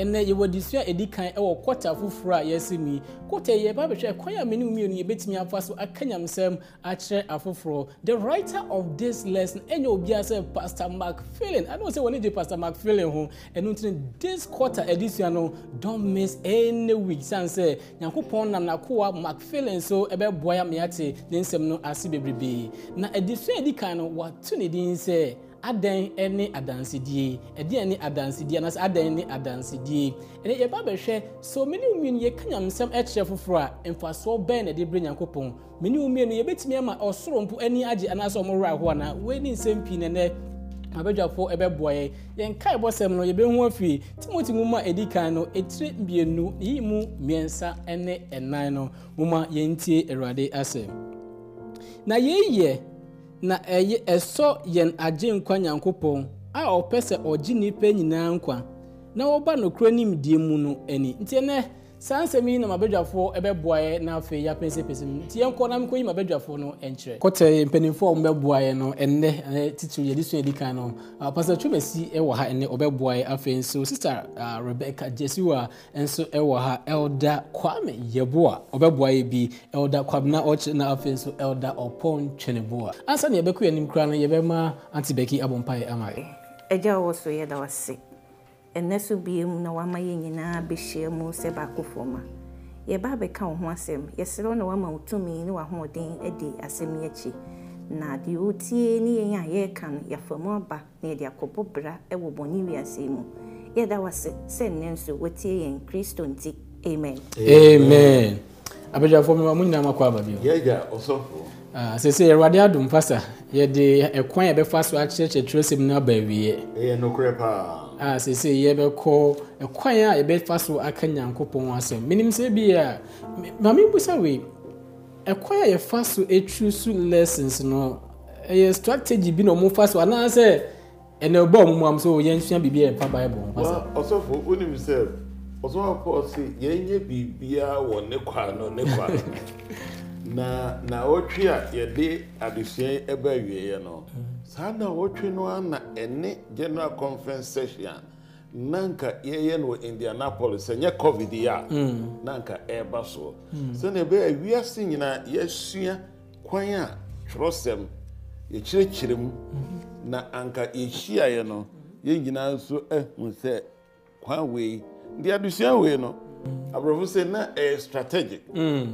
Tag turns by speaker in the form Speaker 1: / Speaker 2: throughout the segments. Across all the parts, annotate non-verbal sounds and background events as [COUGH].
Speaker 1: ɛnɛ yɛwɔ adesua ɛdi kan ɛwɔ e kɔta foforɔ a yɛsi mu yi kɔta yɛ ba bɛhwɛ kwan a mmienu mmienu yɛbɛtumi afa so aka nyamsɛm akyerɛ afoforɔ the writer of this lesson ɛnyɛ obiara sɛ pastor mark philin ano sɛ wɔn gye pastor mark philin ho ɛno ntini this kɔta adesua no don miss any week san sɛ nyankopɔn nam n'akowa mark philin so ɛbɛboa ya mmeate ne nsɛm no ase bebrebe na adesua ɛdi kan no wato ne din sɛ adan ne adansidie ɛdeɛn ne adansidie anaasɛ adan ne adansidie ɛnɛ yɛba bɛhwɛ so mene mmienu yɛka nyamsɛm kyerɛ foforɔ a mfasoɔ bɛn na ɛde berɛ nyankopɔn mene mmienu yɛbɛtumi ama ɔsoro mpo ani agye anaasɛ ɔmo werɛ ahoɔ anaa wei ne nsɛm pii nɛnɛ abadwafoɔ ɛbɛboa yɛ yɛn ka ɛbɔsɛm no yɛbɛhu afiri timoti nwoma a kan no etire mmienu yi mu mmiɛnsa ne ɛnan no nwoma yɛn awurade asɛm na yɛn na ɛyɛ ɛsɔ yɛn agye nkwa nyankopɔn a ɔpɛ sɛ ɔgye nnipa nyinaa nkwa na wɔba nokorɛ nimdeɛ mu no ani nti ɛnɛ saa nsɛm yi na mabadwafoɔ bɛboaeɛ na afei yɛapɛnsɛpɛsɛ mu nti yɛnkɔ na mekɔyi mabadwafoɔ no nkyerɛ kɔtɛ mpanimfoɔ a mobɛboaeɛ no ɛnnɛ titiri yɛde sua adi kan no ah, pastor twomasi wɔ ha ɛnnɛ ɔbɛboaeɛ afei nso sister ah, rebecca jesiwa nso wɔ ha elda kwame yɛboa ɔbɛboaeɛ bi elda kwabena ɔkyerɛ na afei nso elda ɔpɔn twɛneboa ansa ne yɛbɛkɔ yɛnim koraa no yɛbɛma ante bɛki abɔ mpaeɛ ama yɛ
Speaker 2: agya wɔ so yɛda wase ɛnɛ so biemu na wama yɛ nyinaa bɛhyia mu sɛ baakofoɔ ma yɛba bɛka wo ho asɛm yɛserɛ wo na wama wo tumi ne wahoɔden adi asɛm yi akyi na deɛ wotie ne yɛn a yɛreka no yɛafa mu aba na yɛde akɔbɔ bra wɔ bɔne wiase mu yɛda wase sɛ nnɛ nso wotie yɛn kristo nti amen amen
Speaker 1: abadwafoɔ mema mo nyinaa makɔ aba bio sɛsɛ ah, yɛwurade adom pasa yɛde ɛkwan yɛbɛfa so akyerɛkyerɛkyerɛsɛm no aba awieɛ ɛyɛ a seesei yɛbɛkɔ ɛkwan e a yɛbɛfa so aka nyankopɔn asɛm menim sɛ bi a ma mebusa wei ɛkwan e a yɛfa so ɛturu so lessons no ɛyɛ strategy bi na ɔmofa so anaasɛ ɛnɛ ɔbɔ ɔmo mu am sɛ yɛnsua biribi a ɛmpa bible ho
Speaker 3: ɔsɔfo wonim sɛ ɔsɔfo paul se yɛnyɛ biribiaa wɔ ne kwa no ne kwa no [LAUGHS] na na ɔtwe a yɛde adesua ɛba awieɛ no mm saa na wɔtwe no ara na ɛne general conference session na nka yɛyɛ no wɔ indianapolis sɛ nyɛ covid yi a mm. na nka ɛreba soɔ mm. sɛnea ɛbɛyɛ wiase nyinaa yɛasua kwan a twerɛsɛm yɛkyerɛkyerɛ mu
Speaker 2: mm-hmm.
Speaker 3: na anka yɛhyiaeɛ no yɛn nyinaa nso ahu sɛ kwan wei deɛ adesua wei no mm. aborɔfo sɛ na ɛyɛ strategic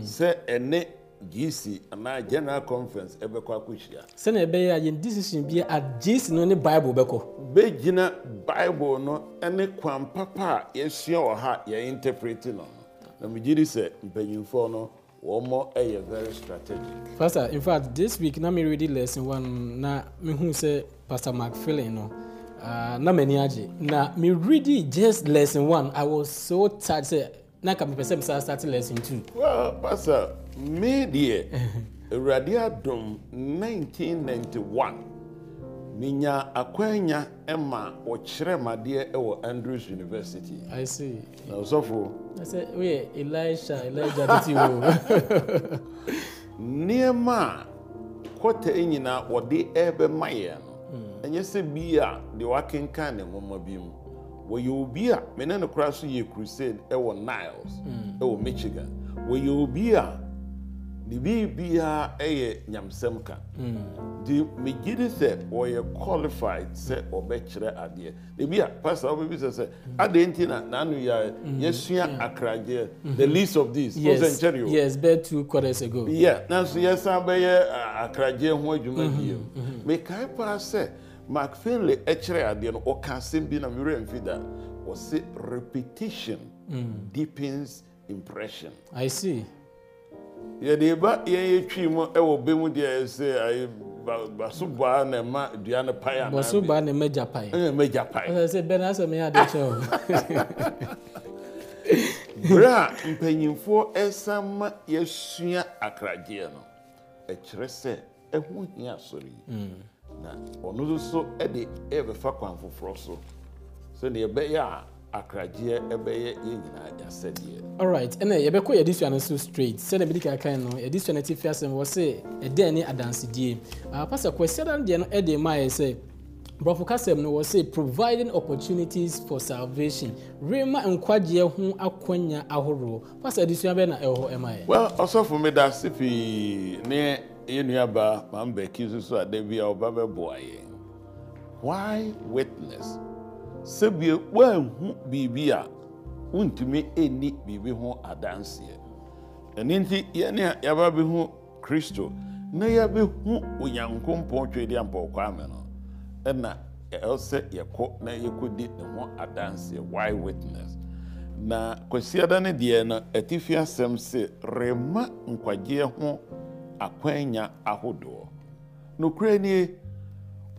Speaker 3: sɛ ɛne gc anaa general conference ɛbɛkɔ akɔhyia.
Speaker 1: sɛnɛ ɛbɛyɛ a yɛn decision bi a gc no ne bible bɛkɔ.
Speaker 3: bɛgyina bible no ne kwan papa a yɛsua wɔ ha yɛn interpret no na megye di sɛ mpanyinfoɔ no wɔn mo yɛ very strategic.
Speaker 1: pastor in fact this week na mi ready lesson one na mi hu sɛ pastor mcphilin no. Uh, na m'ani agye na me ready just lesson one i was so tired. say na ka mepɛ sɛ mesaa starte lesson two
Speaker 3: well pastor me deɛ [LAUGHS] awurade adom 1991 menya akwanya ma wɔkyerɛ madeɛ wɔ andrews university i see na ɔsɔfo
Speaker 1: i sɛ woyɛ elisha elijah tete wo
Speaker 3: [LAUGHS] nneɛma a kɔta nyinaa wɔde ɛrebɛma yɛn no hmm. ɛnyɛ sɛ bi a deɛ wakenkan ne nwoma bi mu wɔyɛ obi a me ne no koraa so yɛ crusade ɛwɔ niles mm. ɛwɔ michigan wɔyɛ obi a ne biribiara ɛyɛ nyamsɛm ka
Speaker 1: mm.
Speaker 3: nti megye di sɛ wɔyɛ qualified sɛ wɔbɛkyerɛ adeɛ ebi a pastor wobɛbisɛ sɛ mm. adeɛ nti na n'ano yɛ mm-hmm. yɛsua akragyeɛ mm-hmm. the least of these yes yes
Speaker 1: bɛɛ two quarters ago yeah nanso yɛsan
Speaker 3: bɛyɛ akragyeɛ ho adwuma mm-hmm. biem mekae paa sɛ mark finley ɛkyerɛ adeɛ no ɔka asɛm bi na mewura mfi da ɔse repetition mm. deepens impression i see yɛde ba yɛn yɛtwi mu ɛwɔ bɛ mu deɛ ɛsɛ ayɛ baso baa na ɛma dua no pae anaa baso
Speaker 1: baa na ɛma gya pae ɛna ɛma gya pae ɔsɛ sɛ bɛn asɛm yɛ ade kyɛ o
Speaker 3: a mpanyinfoɔ ɛsan ma yɛsua akradeɛ no ɛkyerɛ sɛ ɛho hia asɔre yi. Mm na ɔno nso de ɛrebɛfa kwan foforɔ so sɛdeɛ ɛbɛyɛ a akragyeɛ ɛbɛyɛ yɛn nyinaa yɛasɛdeɛ.
Speaker 1: alright ɛnna yɛbɛkɔ yɛde sua no so straight sɛdeɛ bidi kakan no yɛde sua no ti fi asɛm wɔ sɛ ɛdɛn ne adansidie apasa ah, kwasiada no deɛ no ɛde maa yɛ sɛ brɔfo kasɛm no wɔ sɛ providing opportunities for salvation rema nkwagyeɛ ho akwanya ahoroɔ pasa adesua bɛɛ na ɛwɔ hɔ ɛma yɛ. well
Speaker 3: ɔsɔfo mi da si ne. yɛnnuaba mambaki susu a da bi a ɔbɛbɛboa yɛn why witness sɛbie ehu biribi a ntumi ɛnni biribi ho adanseɛ ɛno nti yɛne a yɛba bɛhu kristo na yɛbɛhu onyankopɔn twɛdi ampɔkɔame no ɛna ɛwɔ sɛ yɛkɔ na yɛkɔdi ne ho adanseɛ why witness na kwasiada no deɛ no atifi asɛm se rema nkwagyeɛ ho akwannya ahodoɔ nokorɛ nie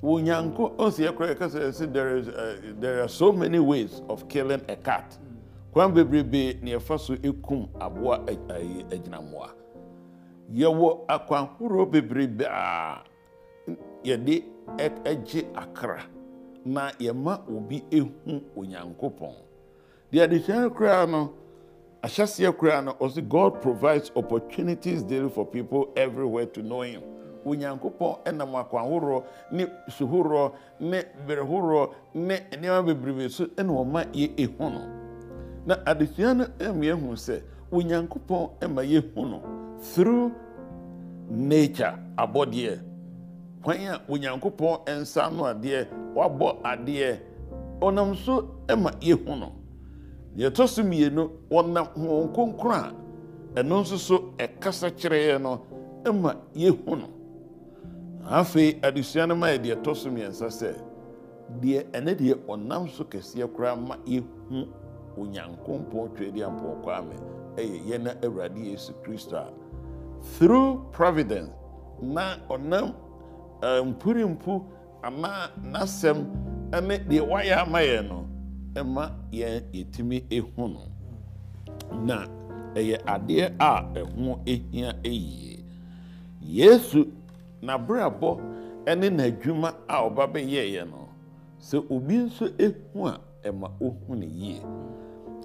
Speaker 3: wonyanko ɔnsi ɛkora ɛka sɛ ɛsi there is uh, there are so many ways of killing a cat kwan bebrebe na yɛfa so ekum aboa agyinammoa yɛwɔ akwan akwanhorow bebrebe a yɛde ɛgye akra na yɛma obi ehu onyankopɔn deɛ adehyia koraa no. Ashasia Kurana also God provides opportunities daily for people everywhere to know Him. onyankopɔn ɛnam akwan ahoroɔ ne suhoroɔ ne berɛhoroɔ ne nneɛma bebrebe so ɛna ɔma yɛ ehu no na adesua no ɛmu ehu sɛ onyankopɔn ɛma yɛ hu no through nature abɔdeɛ kwan a onyankopɔn ɛnsa ano adeɛ wabɔ adeɛ ɔnam so ɛma yɛ hu no. deɛ ɛtɔ so mmienu wɔnam honhom kronkron a ɛno nso so ɛkasa kyerɛeɛ no ma yɛhu no afei adesua no ma yɛ deɛ ɛtɔ so mmiɛnsa sɛ deɛ ɛne deɛ ɔnam so kɛseɛ koraa ma yɛhu onyankompɔn twɛdi ampɔnkɔ ame ɛyɛ yɛn awurade yesu kristo a through providence na ɔnam eh, mpurimpu anaa n'asɛm ne deɛ wayɛ ama yɛn no ma yɛn yɛtumi ehu no na ɛyɛ adeɛ a ɛho ehia eyie yesu n'abrabɔ ɛne n'adwuma a ɔba bɛyɛɛyɛ no sɛ obi nso ehu a ɛma ohu ne yie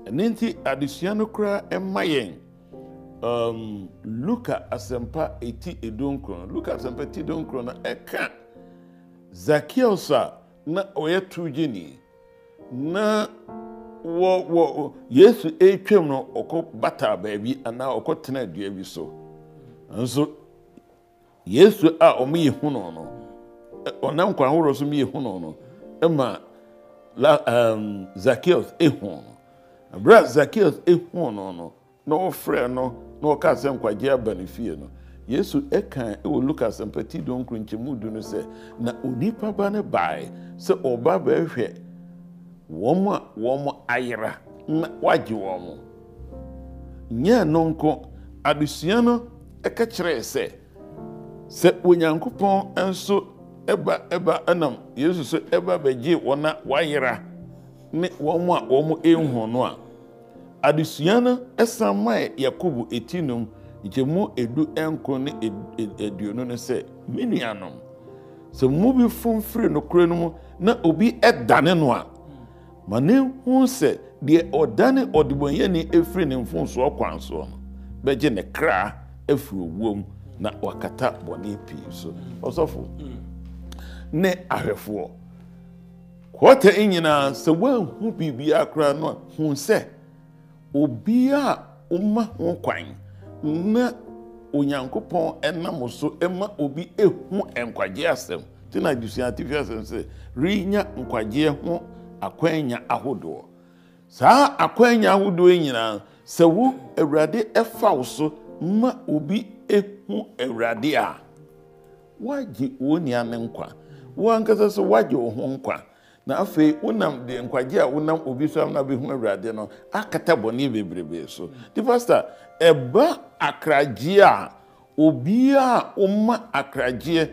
Speaker 3: ɛne nti adesua no koraa ɛma yɛn um, luka asɛmpa eti edonkron luka asɛmpa eti edonkron no ɛka zakios a na ɔyɛ tugyeni na wɔ wɔ yesu etwam no ɔkɔ bata baabi anaa ɔkɔ tena dua bi so nso yesu a ɔmo yɛ hu no no ɔnam kwan ahorow so mo yɛ hu no no ɛma la um, zakios ehu no abira zakios ehu no no na ɔfrɛ no na ɔka asɛ nkwagye aba ne fie no yesu ɛka ɛwɔ lukas mpɛti do nkronkyɛmu du no sɛ na onipa ba ne bae sɛ ɔba bɛhwɛ wɔn a wɔn ayera na wagye wɔn nyɛ no nko adesua no ɛka kyerɛ sɛ sɛ onyankopɔn nso ɛba ɛba ɛnam yesu so ɛba bɛgye wɔn a wayera ne wɔn a wɔn ehu no a adesua no ɛsan maa yakubu eti nom gyemu edu nko ne aduonu no sɛ me nuanom sɛ mu bi fom no kuro no mu na obi ɛdane no a. ma ne hu sɛ deɛ ɔdane ɔdebɔnyɛni ɛfiri ne mfonsoɔ kwan soɔ no bɛgye ne kraa afiri owuom na wakata bɔne pii so ɔsɔfo ne ahwɛfoɔ kɔɔta nyinaa sɛ woanhu biribiaa koraa no a hu sɛ a woma ho kwan na onyankopɔn ɛnamo so ɛma obi asɛm asɛm sɛ renya ho akwannya ahodoɔ saa akwannya ahodoɔ yi nyinaa sɛ wo awurade ɛfa wo so ma obi ehu awurade a wagye wo nneɛma nkwa wankasa so wagye wo ho nkwa na afei wonam de nkwagye a wonam obi so amna bɛhu awurade no akata bɔne bebrebe so nti pastor ɛba akragyeɛ a obiaa woma akragyeɛ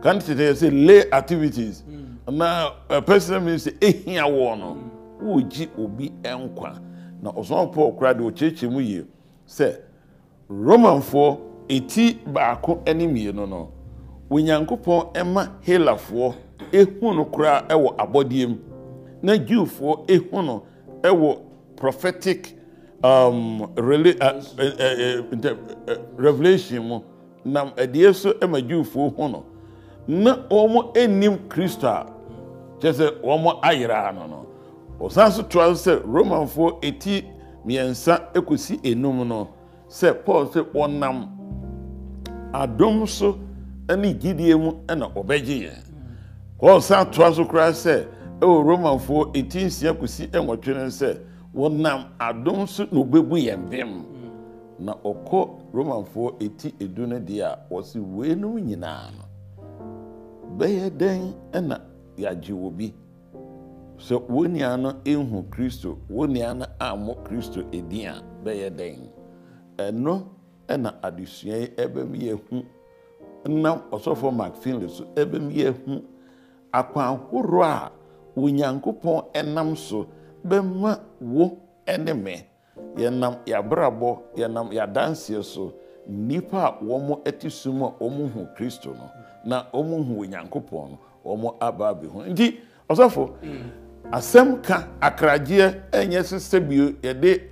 Speaker 3: kan tetɛ sɛ lay activities mm. na eh, personal ministry ehia wɔ no wɔregye obi nkwa na ɔsɔn paul koraa deɛ ɔkyerɛkyerɛ mụ yie sị romanfoɔ eti baako ne mmienu no onyankopɔn ɛma helafoɔ ehu no koraa ɛwɔ abɔdeɛ mu na jewfoɔ ehu no ɛwɔ prophetic um, rela uh, uh, uh, revelation mu na ɛdeɛ nso ma jewfoɔ hu no na wɔn anim kristo a kyerɛ sɛ wɔn ayera ano no ɔsan so toa so sɛ romanfoɔ eti mmiɛnsa ekosi enum no sɛ paul sɛ wɔnam adom so ɛne gyidie mu ɛna ɔbɛgye yɛn paul san toa so koraa sɛ ɛwɔ romanfoɔ eti nsia kosi ɛnwɔtwe no sɛ wɔnam adom so na ɔbɛbu yɛn bɛm na ɔkɔ romanfoɔ eti edu no deɛ a wɔsi wei nom nyinaa no bɛyɛ dɛn ɛna yagye wɔ bi sɛ wo nua no ɛhu kristo wo nua no ammɔ kristo edi a bɛyɛ dɛn ɛno ɛna adesua yi ɛbɛm yɛhu nam ɔsɔfo finley so ɛbɛm yɛhu akwan ahorow a onyankopɔn ɛnam so bɛma wo ɛne mɛ yɛnam yɛabrabɔ yɛnam yɛadanseɛ so nipa a wɔn ɛte sum a wɔn hu kristo no na wɔn hu onyankopɔn no wɔmo aba bi ho nti ɔsɔfo asɛm ka akragyeɛ ɛnyɛ so sɛbio yɛde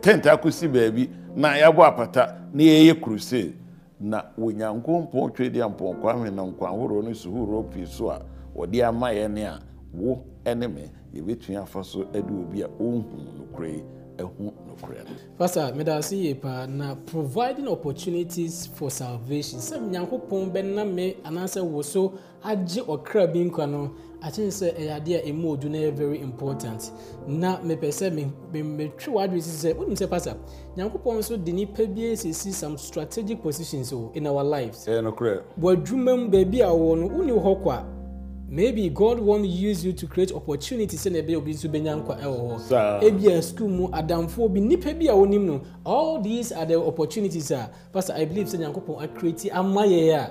Speaker 3: tent akɔsi baabi na yɛabɔ apata na yɛyɛ crusade na onyankopɔn twɛdi a mpɔnkɔahwe na nkwanhoroɔ no suhoroɔ pii so a wɔde ama yɛ ne a wo ne me yɛbɛtumi afa so ade obi a ɔnhuu no koraa yi ɛho nokorɛ no
Speaker 1: fasa meda ase yie paa na providing opportunities for salvation sɛ nyankopɔn bɛna me anaasɛ wo so agye ɔkra bi nkwa no akyɛn sɛ ɛyɛ adeɛ a emu odu na yɛ very important na mepɛ sɛ me me metwi wadwi sisi sɛ wonim sɛ pasa nyankopɔn so, de nipa bi esisi some strategic positions o in our
Speaker 3: lives. ɛyɛ nokorɛ
Speaker 1: wɔ adwuma mu baabi a wɔn no wuni hɔ kɔ a maybe god wan use you to create opportunity sɛ na ɛbɛyɛ obi nso bɛnya nkwa ɛwɔ
Speaker 3: hɔ ebi
Speaker 1: a school mu adamfoɔ bi nipa bi a wɔnim no all these are the opportunities a pastor i believe sɛ nyankopɔn akireti ama yɛ a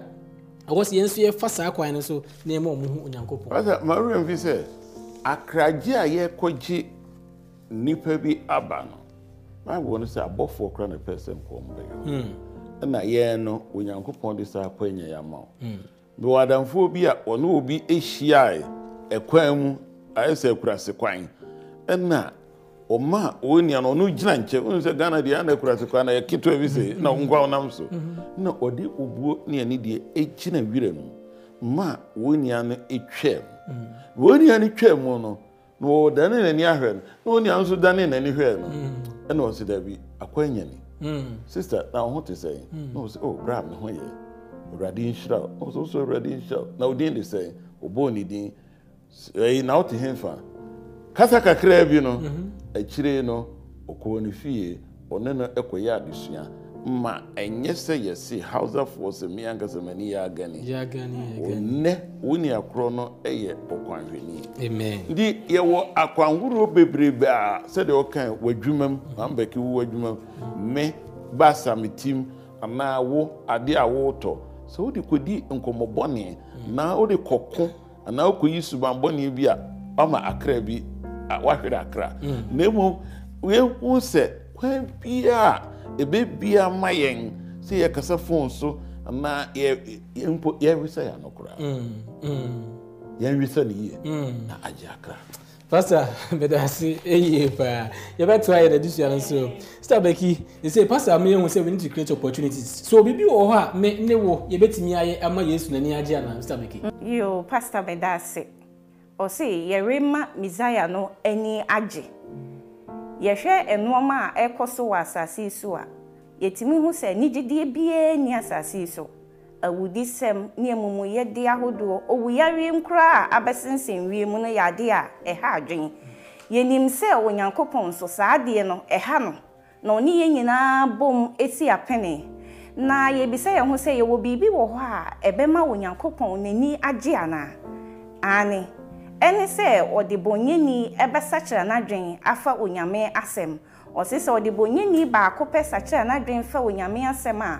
Speaker 1: ɛwɔ sɛ yɛn nso yɛfa saa kwan no so na yɛn ma wɔn ho nyankopɔn.
Speaker 3: pastor maria nfi sɛ akragye a yɛkɔgye nipa bi aba no baabu no sɛ abɔfoɔ kora na pɛ sɛ nkɔm bɛyɛ hmm. ɛna yɛn no onyankopɔn de saa akɔ nyɛ yɛ ama o. bɛwadamfoɔ bi a ɔne obi ɛhyiae ɛkwan mu ayɛ sɛ akurase kwan ɛna ɔma ɔ nia no ɔno gyina nkyɛ wou sɛ ghana deɛ ana akurase kwan na yɛketewa bi se na nkwa wonam so mhm. na ɔde ɔbuo ne ani deɛ ɛgyina werɛ no ma ɔ nia no ɛtwaa mu ɔ nia no twaa mu no na wɔwɔ dane n'ani ahwɛ no na ɔnia nso dane n'ani hwɛɛ no mhm. ɛna ɔsɛ daabi akwan nyane mhm. sister na wo ho te sɛe na wɔ sɛ oh, brɛa me ho yɛ Awurade nhyira ɔso so Awurade nhyira na ɔdin de sɛ ɔbɔ ne din ɛyi na ɔte hemfa kasa kakra bi no mhm. akyire no ɔkɔɔ ne fie ɔne no ɛkɔyɛ adesua ma ɛnyɛ sɛ yɛse hausafoɔ sɛ me ankasa ni yɛ agani ɔnɛ wo nuakorɔ no ɛyɛ ɔkwanhwɛni nti yɛwɔ akwanhoroɔ bebrebe a sɛdeɛ ɔkae w'adwuma mu mhm. mambɛke wo w'adwuma mu me baasa me tim anaa wo adeɛ a wotɔ sɛ wode kɔdi nkɔmmɔbɔne na wode kɔko anaa wokɔyi subanbɔne bi a wama akra bi wahwere akra mm. na mmom yɛhu sɛ kwan biaa ɛbɛbia ma yɛn sɛ yɛkasa fon so anaa mpo yɛnwe sɛ yɛ anokoraa yɛnwe
Speaker 1: sɛ no yie mm. na agye akra pastor bedasi eyi paa yɛbɛto ayɛ dade sua no nso sita bɛki de sɛ pastor mi ehu sɛ we need to create opportunities so obi bi wɔ hɔ a me ne wo yɛbɛtumi ayɛ ama yesu n'ani agye ana sita bɛki.
Speaker 2: yo pastor bedasi ɔsi yɛre ma mizaya no ani agye yɛhwɛ nneɛma a ɛkɔ so wɔ asase so a yɛtumi hu sɛ nigyedie biara ni asase so. awudi sɛm ne emumu yɛde ahodoɔ owuyawie nkora a abɛsensɛn wiem no yɛ adeɛ a ɛha adwene yɛnim sɛ onyankopɔn nso saa adeɛ no ɛha no na ɔne yɛn nyinaa bom esi apene na yɛbisa yɛn ho sɛ yɛwɔ biribi wɔ hɔ a ɛbɛma onyankopɔn n'ani agye anaa ane ɛne sɛ ɔde bonyeni ɛbɛsakyera n'adwene afa onyame asɛm ɔsi sɛ ɔde bonyeni baako pɛ sakyera n'adwene fa onyame asɛm a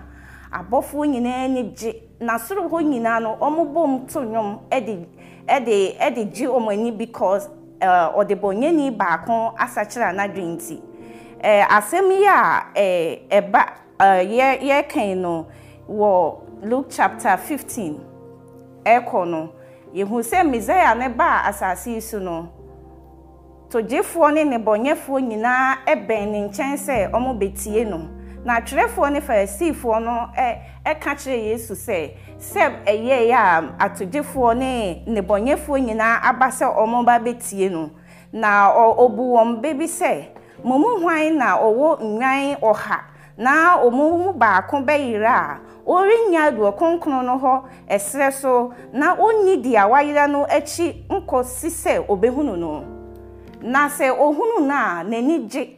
Speaker 2: abɔfo nyinaa ani gye n'asoro hɔ nyinaa no wɔn bom to nnwom de de de gye wɔn ani because eh, ɔde bɔnyɛni baako asakyerɛ nti eh, asɛm yi a eh, ɛba yɛ yɛkan no wɔ luke chapter fifteen ɛkɔ no yehu sɛ mesaia ne ba asase yi so no togyefoɔ ne nebɔnyɛfoɔ nyinaa bɛn ne nkyɛn sɛ wɔbɛtie no. na atwerɛfoɔ ne farisifoɔ no ɛka kyerɛ yesu sɛ sɛ ɛyɛeɛ a atogyefoɔ ne nnebɔnyɛfoɔ nyinaa aba sɛ ɔmoba bɛtie no na ɔbu wɔn bɛ bi sɛ mo mu hwan na ɔwɔ nnwan ɔha na ɔmo baako bɛyerɛ a ɔrenya aduɔ kronkron no hɔ ɛserɛ so na ɔnni di a wayera no akyi nkɔsi sɛ ɔbɛhunu no na sɛ ɔhunu no a n'ani gye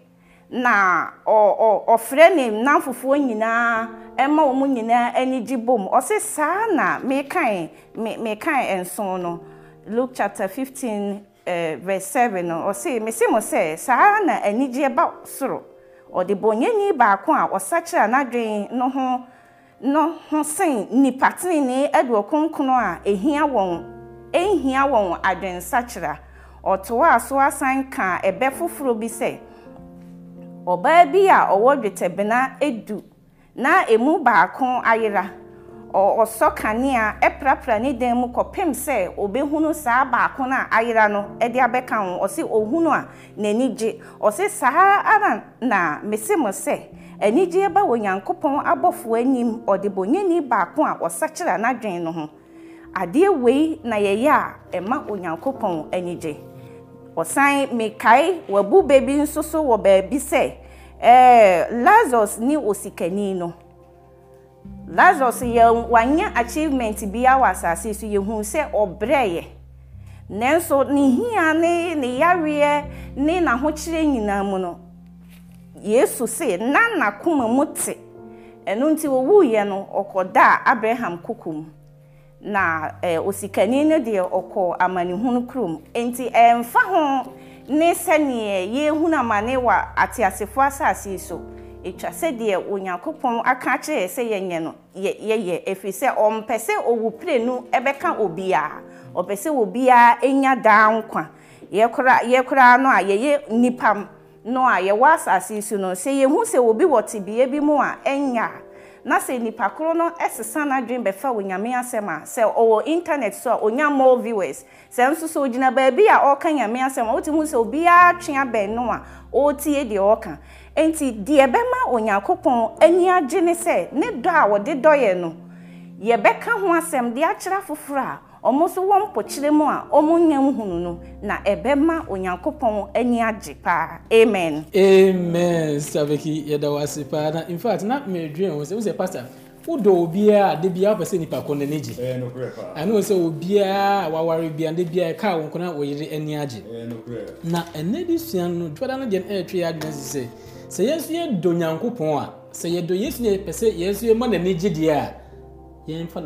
Speaker 2: na ọfrɛ ne nnamfofoɔ nyinaa ɛma wɔn nyinaa ani gye bom ɔsi saa na mekan mekan nson no luke chapter fifteen eh, verse seven no ɔsi mesi mo sɛ saa na anigye ba soro ɔde bonyeni baako a ɔsakyera n'adwene no ho no ho sen nipa tenenee ɛde ɔkonkono a ehia wɔn ehia wɔn adwensakyera ɔtoa so asan ka ɛbɛ foforɔ bi sɛ. ɔbaa bi a ɔwɔ dwetɛbena edu na emu baako ayera ɔsɔ kanea ɛprapra ne dan mu kɔpem sɛ ɔbɛhunu saa baako na ayera no de abɛka ho ɔse ɔhunu a n'ani gye ɔse saa ara na mese mo sɛ anigyeɛ ba wɔ nyankopɔn abɔfoɔ anim ɔde bonyani baako a ɔsakyera n'adwene no ho adeɛ wei na yɛyɛ a ɛma onyankopɔn ani gye ɔsan mekae wabube bi nso so wɔ beebi sɛ ɛɛ lazarus ne osikani no lazarus yɛ wanya achievement bi a asase so yɛhu sɛ ɔbrɛ yɛ nanso ne hia ne ne yareɛ ne n'ahokyerɛ nyinaa mu no yesu nan na n'akoma mu te ɛno nti owu yɛ no ɔkɔda abraham koko mu. na eh, osikani no deɛ ɔkɔ amanehunu kurom nti ɛmfa ho ne sɛneɛ yɛhunu amane ate asefo asase so ɛtwa sɛdeɛ onyankopɔn aka akyerɛ yɛ sɛ yɛnyɛ no yɛyɛ ɛfiri sɛ ɔmpɛ sɛ ɔwu pire no ɛbɛka obiara ɔpɛ sɛ obiara ɛnya daa nkwa yɛkora no a yɛyɛ nnipa no a yɛwɔ asase so no sɛ yɛhu sɛ obi wɔ tebea bi mu a ɛnya a na sɛ nipa koro no ɛsesa n'adwene bɛfa onyame asɛm a sɛ ɔwɔ internet so a more viewers sɛ nso so ogyina baabi a ɔka nyame asɛm a wotumi sɛ obiara twe abɛn no a ɔretie deɛ ɔka nti deɛ ɛbɛma onyankopɔn ani agye ne sɛ ne dɔ ɔmo wɔn mpɔkyerɛ a ɔmo nya nhunu no na ɛbɛma onyankopɔn enyi agye paa amen.
Speaker 1: amen sista beki paa na in fact na mɛdwin ho sɛ wosɛ ụdọ wodɔ obiara a de wopɛ sɛ kɔ a waware bia de ɛka na ɛnɛ de sua no dwada no deɛ no yɛ adwene sɛ sɛ yɛdɔ nyankopɔn a sɛ yɛdɔ yɛpɛ sɛ yɛma n'ani gye deɛ a
Speaker 3: yɛmfa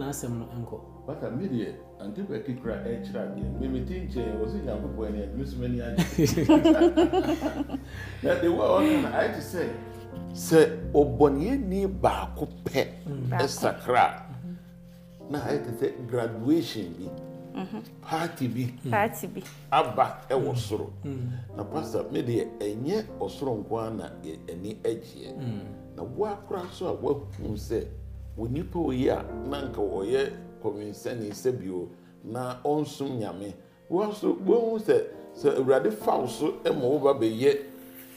Speaker 3: Ante bɛki kura ɛkyerɛ adeɛ mímí ti nkyɛn wosi nyanko bɔ ɛni ɛbi nso mɛni agye na de wa ɔka na ayi ti sɛ sɛ ɔbɔniyɛni baako pɛ mm-hmm. ɛsakra na ayi ti sɛ graduation bi mm-hmm. paati bi mm-hmm. paati bi aba ɛwɔ soro na pastor mi deɛ ɛnyɛ ɔsoro nkoa na ɛni ɛgyeɛ mm. na wakora so a wahu sɛ wɔ nipa oyi a nanka ɔyɛ. kɔminsɛni sɛ bio na ɔnsom nyame wɔn nso wɔn sɛ sɛ awurade faw so ma wo ba bɛyɛ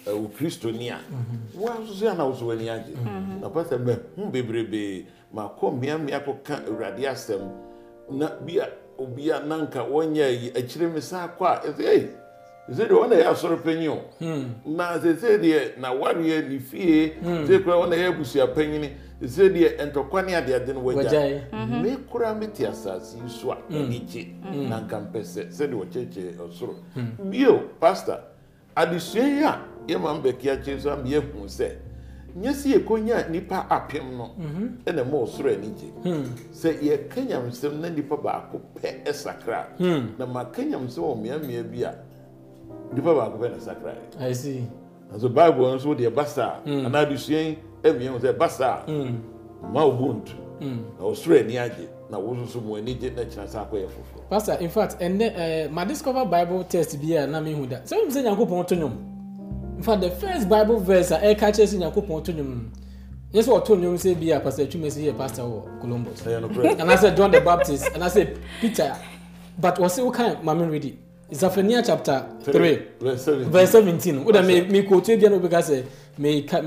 Speaker 3: ɛwɔ kristoni a mhm. wɔn nso sɛ ɛna wɔsɔ wani agye mhm. na pɛsɛ mɛ ho bebrebe ma kɔ mmeammea kɔ ka awurade asɛm na bia obia nanka wɔnyɛ akyire mi saa kɔ a ɛsɛ ɛyɛ sede ɔna yɛ asɔre panyin o hmm. na sese deɛ na wareɛ ne fie sese hmm. kura ɔna yɛ abusua panyin sese deɛ ntɔkwa ne adeade no wagya mhm. me kura me te asase yi a ɛni gye na nka mpɛ sɛ sɛde ɔkyerɛkyerɛ ɔsoro bio pastor adesua yi a yɛma mbɛki akyerɛ so ama yɛhu sɛ nyɛ si yɛkɔnya nipa apem no ɛna mhm. ɛma ɔsoro ani gye hmm. sɛ yɛka nyamsɛm na nipa baako pɛ ɛsakra na ma ka nyamsɛm wɔ mmeammea bi a nipa baako bɛ na sakra yi. i see. nso baabu wɔn nso deɛ basa. Mm. anaa adusua yi ɛwia wɔn sɛ basa. mma o bu ntu. na ɔsoro ani agye na wɔn nso mu ani gye na kyerɛ sɛ akɔyɛ foforɔ.
Speaker 1: pastor in fact ɛnɛ ɛɛ eh, ma discover bible test bi a na mi hu da sɛ wɔn sɛ nyanko pɔn to nyom in fact the first bible verse a ɛka kyerɛ sɛ nyanko pɔn to nyom yẹ sọ ọtọ nneọm sẹ bi a pastor etwuma si yẹ pastor And I said, john the baptist and I said, peter but was it okay? kàn ready. Zephaniah chapter three, verse seventeen. 17 woda mekɔtue bia no wobɛka sɛ mekawɔse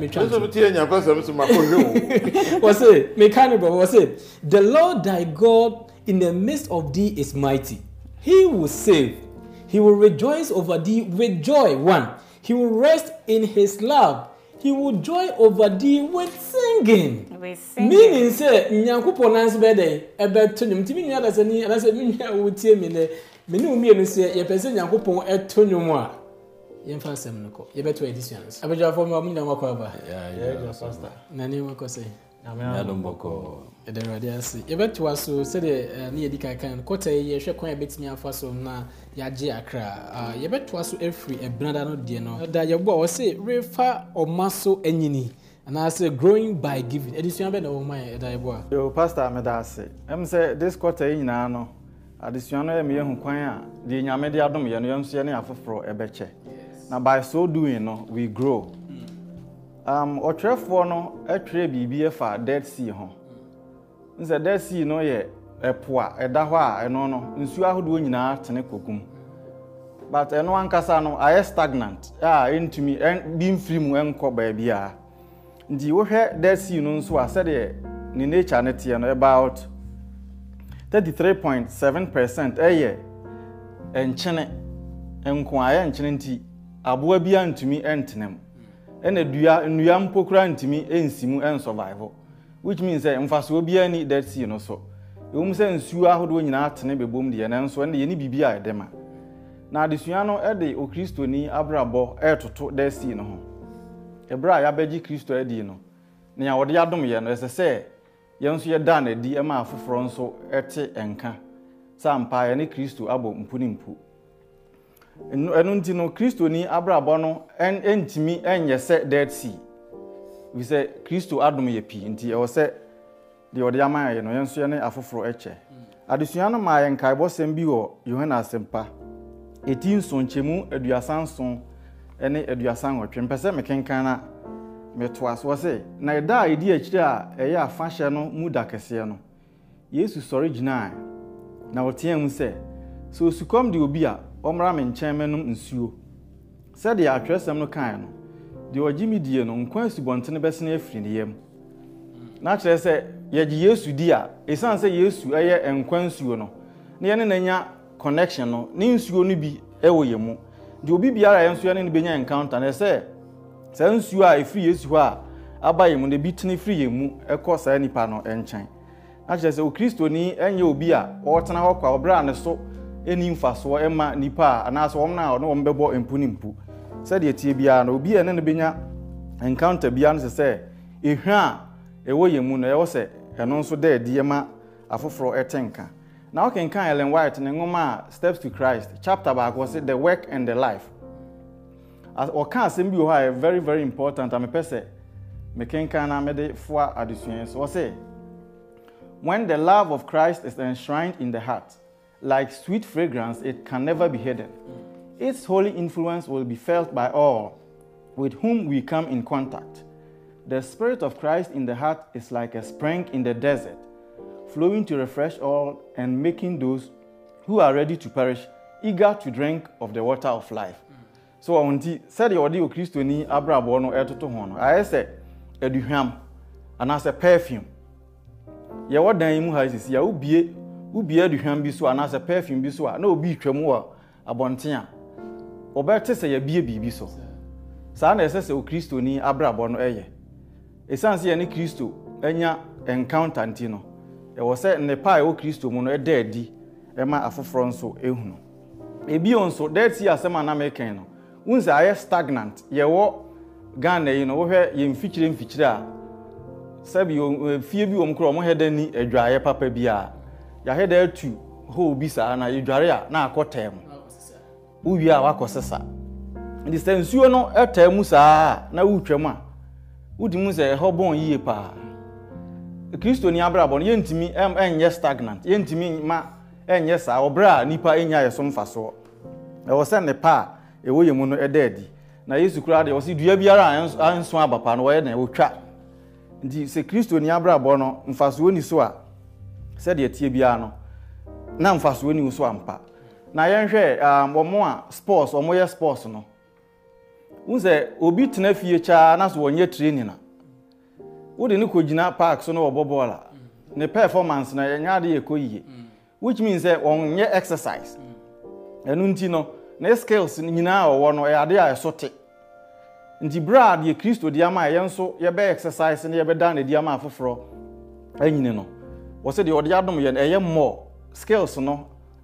Speaker 1: meka ne brɔbɔ wɔse the lord thy god in the midst of thee is mighty he will save he will rejoice over thee with joy one he will rest in his love he will joy over thee with singing.
Speaker 2: with singing. meaning
Speaker 1: sɛ nyankopɔn nansi bɛ dɛ ɛbɛto nnwom tí mi nua adasa ni adasa mi nua awo tie mi dɛ mene wo mmienu sɛ yɛpɛ sɛ nyankopɔn ɛto nnwom a yɛmfa asɛm no kɔ yɛbɛto adisua no so abadwafoɔ ma monyina makɔ aba na ne makɔ sɛ ɛda awurade ase yɛbɛtoa so sɛdeɛ eh, ne yɛdi kaka no kɔta yi yɛhwɛ kwan a yɛbɛtumi afa so na yɛagye akra ah, yɛbɛtoa so afiri ɛbenada no deɛ no da yɛboa wɔ se refa ɔma so anyini anaasɛ growing by giving adesua bɛ na wɔ ma yɛ ɛda yɛboa
Speaker 4: pastor meda ase ɛm sɛ this quarter yi nyinaa no adesua no yɛ me yɛhu kwan a deɛ nyame de adom yɛ no nso yɛ ne afoforɔ ɛbɛkyɛ na by so doing no we grow hmm. um, ɔtwerɛfoɔ no ɛtwerɛ biribi ɛfa dead sea ho nsɛ dead sea no yɛ ɛpo a ɛda hɔ a ɛno no nsuo ahodoɔ nyinaa tene kɔkum but ɛno ankasa no ayɛ stagnant a ɛntumi bi nfiri mu ɛnkɔ baabiara nti wohwɛ dead sea no nso a sɛdeɛ ne nature ne teɛ no about 33.7% ɛyɛ nkyene nko a ɛyɛ nkyene nti aboa bi antumi ntena mu ɛna dua nnua mpo koraa ntumi nsi mu nsurvive which means sɛ mfasoɔ biara ni dead sea no so ɛwɔ mu sɛ nsuo ahodoɔ nyinaa atene bɛbom deɛ nanso ɛna yɛ ne biribi a ɛde ma na adesua no ɛde okristoni abrabɔ ɛretoto dead sea no ho ɛberɛ a yɛabɛgye kristo adi no nea wɔde adom yɛ no ɛsɛ sɛ yɛn nso yɛda no adi ma afoforɔ nso te nka sɛ ampa yɛne kristo abɔ mpu ne mpu ɛno nti no kristoni abrabɔ no ntumi nyɛ sɛ dead sea bi sɛ kristo adom yɛ pii nti ɛwɔ sɛ deɛ ɔde ama yɛ no yɛn nso yɛne afoforɔ kyɛ adesua no maa yɛn nkaebɔsɛm bi wɔ yohane asɛmpa ɛti nsonkyɛmu aduasa nson ne aduasa nwɔtwe mpɛ sɛ mekenkan na meto asoɔ sɛ na ɛda a ɛdi akyiri a ɛyɛ afahyɛ no mu da kɛseɛ no yesu sɔre gyinae na ɔteɛ mu sɛ sɛ osukɔm de obi a ɔmmra me nkyɛn mɛnom nsuo sɛdeɛ atwerɛsɛm no kae no deɛ ɔgye me die no nkwa asubɔntene bɛsene afiri ne yam na kyerɛ sɛ yɛgye yesu di a ɛsiane sɛ yesu ɛyɛ nkwa nsuo no na yɛne n'anya connection no ne nsuo no bi ɛwɔ yɛn mu deɛ obi biara yɛn nso yɛne no bɛnya encounter na ɛsɛ saa nsuo a ɛfiri yesu hɔ a aba yɛn mu no ebi tene firi yɛn mu ɛkɔ saa nipa no nkyɛn akyerɛ sɛ okristoni nyɛ obi a ɔretena hɔ kwa ɔbrɛ a ne so ɛni mfasoɔ ɛma nipa a anaasɛ wɔn na ɔne wɔn bɛbɔ mpu ne mpu sɛdeɛ tie biara no obi a ɛne no benya encounter biara no sɛ sɛ ehwa a ɛwɔ yɛn mu no ɛwɔ sɛ ɛno nso dɛ ɛdi ɛma afoforɔ ɛte nka na ɔkenkan ellen white ne nwoma a steps to christ chapter baako sɛ the work and the life ɔka asɛm bi wɔ hɔ a eh, very very important a mepɛ sɛ mekenkan na mede foa adesua so say? when the love of christ is enshrined in the heart like sweet fragrance it can never be hidden its holy influence will be felt by all with whom we come in contact the spirit of christ in the heart is like a spring in the desert flowing to refresh all and making those who are ready to perish eager to drink of the water of life so ɔn ti sɛdeɛ ɔde okristoni abrabɔ no ɛtoto ho no ayɛ sɛ aduhwam anaasɛ perfume yɛwɔ dan yi mu ha sisi a wobie wobie aduhwam bi so anaasɛ perfume bi so a na obi twam wɔ abɔnten a ɔbɛte sɛ yɛbie biribi so saa na ɛsɛ sɛ okristoni abrabɔ no ɛyɛ ɛsiane sɛ yɛne kristo anya encounter nti no ɛwɔ sɛ nnepa a ɛwɔ kristo mu no ɛda adi ɛma afoforɔ nso ehunu ebio nso dɛti asɛm a na mɛkɛn no wonsi ayɛ stagnant yɛwɔ ghana yi no wohwɛ yɛ mfikyire mfikyire a sɛbi eh, fie bi wɔm kora ɔmo hɛ dɛ ni adwaeɛ papa bi a yɛahɛ dɛ atu hɔ bi saa na yɛdware a na akɔ tɛm wowie a wakɔ sesa nti sɛ nsuo no ɛtaa mu saa na mu a wodi mu sɛ ɛhɔ bɔn yie paa kristo ni abrabɔ no yɛntumi ɛnyɛ stagnant yɛntumi ma ɛnyɛ saa ɔbrɛ a nipa ɛnya yɛ so mfasoɔ ɛwɔ sɛ ne a ɛwɔ yɛ mu no ɛda adi na yesu koraa deɛ ɔsi dua biara a nso aba pa no wɔyɛ na wɔtwa nti sɛ kristo ni abrabɔ no mfasoɔ ni so a sɛdeɛ tie biara no na mfasoɔ ni so ampa na yɛnhwɛ wɔn um, a sports wɔn yɛ sports no n sɛ obi tena fie kyaa na so wɔnyɛ training na wode ne kɔgyina park so na wɔbɔ bɔɔla ne performance na yɛnyɛ ade yɛ kɔ yie which means sɛ wɔnyɛ exercise ɛno nti no. na scales nyinaa ɔwɔ no ɛyɛ ade a ɛso te nti berɛ a deɛ kristo di ama a ɛyɛ nso yɛbɛ exercise ne da ne ama afoforɔ no deɛ ɔde adum yɛ mmɔɔ scales no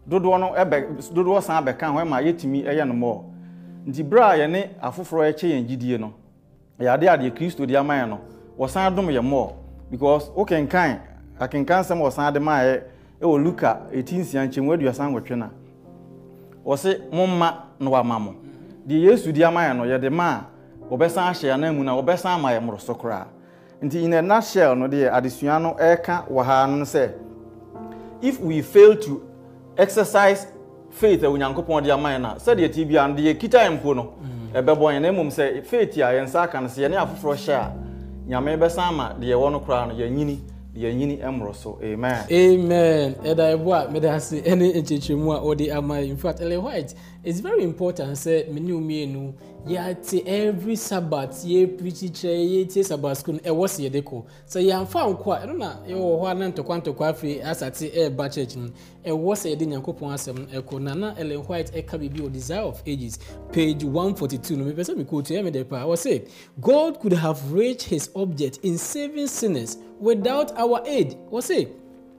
Speaker 4: dodoɔ no dodoɔ san abɛka ho yɛtumi ɛyɛ no mmɔɔ nti a yɛne afoforɔ ɛkyɛ yɛn gyidie no ɛyɛ a deɛ kristo ama yɛ no wɔsan yɛ mmɔɔ because wokenkan akenkan sɛm wɔsan yɛ ɛwɔ luka wɔse mo mma na wama mo deɛ yesu di ama yɛ no yɛde ma wɔbɛsan ahyɛ anan mu na wɔbɛsan ama yɛ mmoroso koraa nti in a nutshell no deɛ adesua no ɛreka wɔ ha no sɛ if we fail to exercise faith a onyankopɔn de ama yɛn na sɛdeɛ ti bia no deɛ kita yɛn mpo no mm. ɛbɛbɔ yɛn na mmom sɛ faith a yɛn nsa aka no sɛ yɛne afoforɔ hyɛ a nyame bɛsan ama deɛ ɛwɔ no koraa no yɛnyini yɛnyini mmoro so amen
Speaker 1: amen ɛda ɛboa mede ase ɛne nkyerɛkyerɛmu a wɔde ama infact ɛle white it's very important sɛ mene e e wo mmienu yɛate every sabbat yɛprikyi kyerɛ yɛtie sabbat school no ɛwɔ se yɛde kɔ sɛ yɛamfa nkɔ a ɛno na yɛwɔ hɔ a na ntɔkwa ntɔkwa afei asate ɛreba church no e ɛwɔ sɛ yɛde nyankopɔn asɛm no ɛkɔ nana ellen white ɛka biribi o desire of ages page one forty two. no mi mepɛ sɛ mekɔtu ɛmɛ dɛ paa wɔse god could have reached his object in saving sinners without our aid wɔse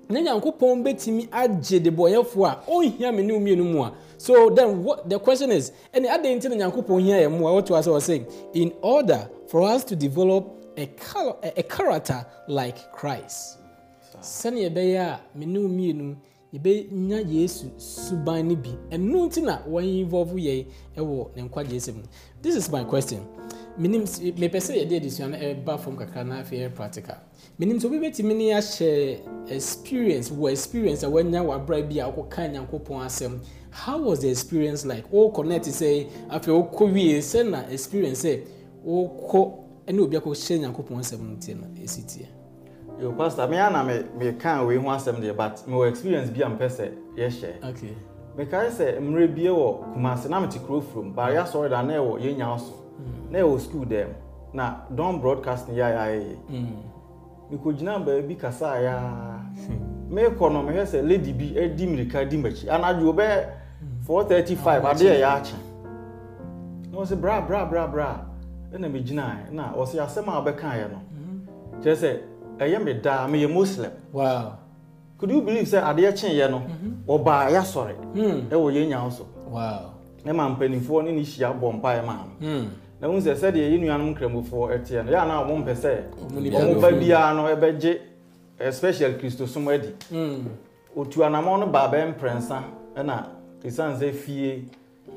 Speaker 1: na nyankopɔn bɛtumi agye de a ɔnhia me ne wo mmienu mu a so then what the question is ɛne adɛn nti na nyankopɔn hia yɛ mmoa wɔto asɛ wɔ in order for us to develop a, character like christ sɛne yɛbɛyɛ a me ne wo mmienu yɛbɛnya yesu suban no bi ɛno nti na wɔn yɛn ɛwɔ ne nkwagyeɛ sɛm this is my question menim mepɛ sɛ yɛde adesuano ɛba fam kakra na afei yɛ practical menim sɛ obi ne ahyɛ experience wɔ experience a wanya wabra bi a wokɔka nyankopɔn asɛm how was the experience like wokɔnɛt sɛ afei wokɔ wie sɛ na experience sɛ wokɔ ne obi akɔhyɛ nyankopɔn asɛm no tie no ɛsi tie
Speaker 4: yo pastor meɛ na mekaa wei ho asɛm deɛ but mewɔ experience bi a mpɛ sɛ yɛhyɛ mekae sɛ mmerɛ bie wɔ kumase na mete kuro furom baayɛ asɔre da na ɛwɔ yɛnya so na ɛwɔ skuul dɛm na don broadcast yɛ a yɛayɛ yɛ mm. mekɔgyina baabi kasaa yɛ a mekɔ no mehwɛ sɛ lady bi di mmirika di m'akyi anadwo bɛyɛ 435 mm. adeɛ ɛyɛ akye na wɔsɛ bra bra bra bra ɛna m'egyina megyinaeɛ na wɔsɛ asɛm a wobɛkaeɛ no kyerɛ sɛ ɛyɛ me daa meyɛ muslim could you believe sɛ adeɛ kyeeɛ no mm-hmm. ɔbaa yɛasɔre mm. ɛwɔ yɛn nyaw so ne ma mpanimfoɔ ne ne hyia bɔ mpaeɛ maa no na wọn sɛ sɛdeɛ yɛn nuanom nkramofoɔ ɛteɛ no yɛn anaa wɔn mpɛ sɛ wɔn ba biara no ɛbɛgye especially eh, kristosom adi mm. otu anamɔ no ba abɛn mprɛnsa ɛna esan sɛ fie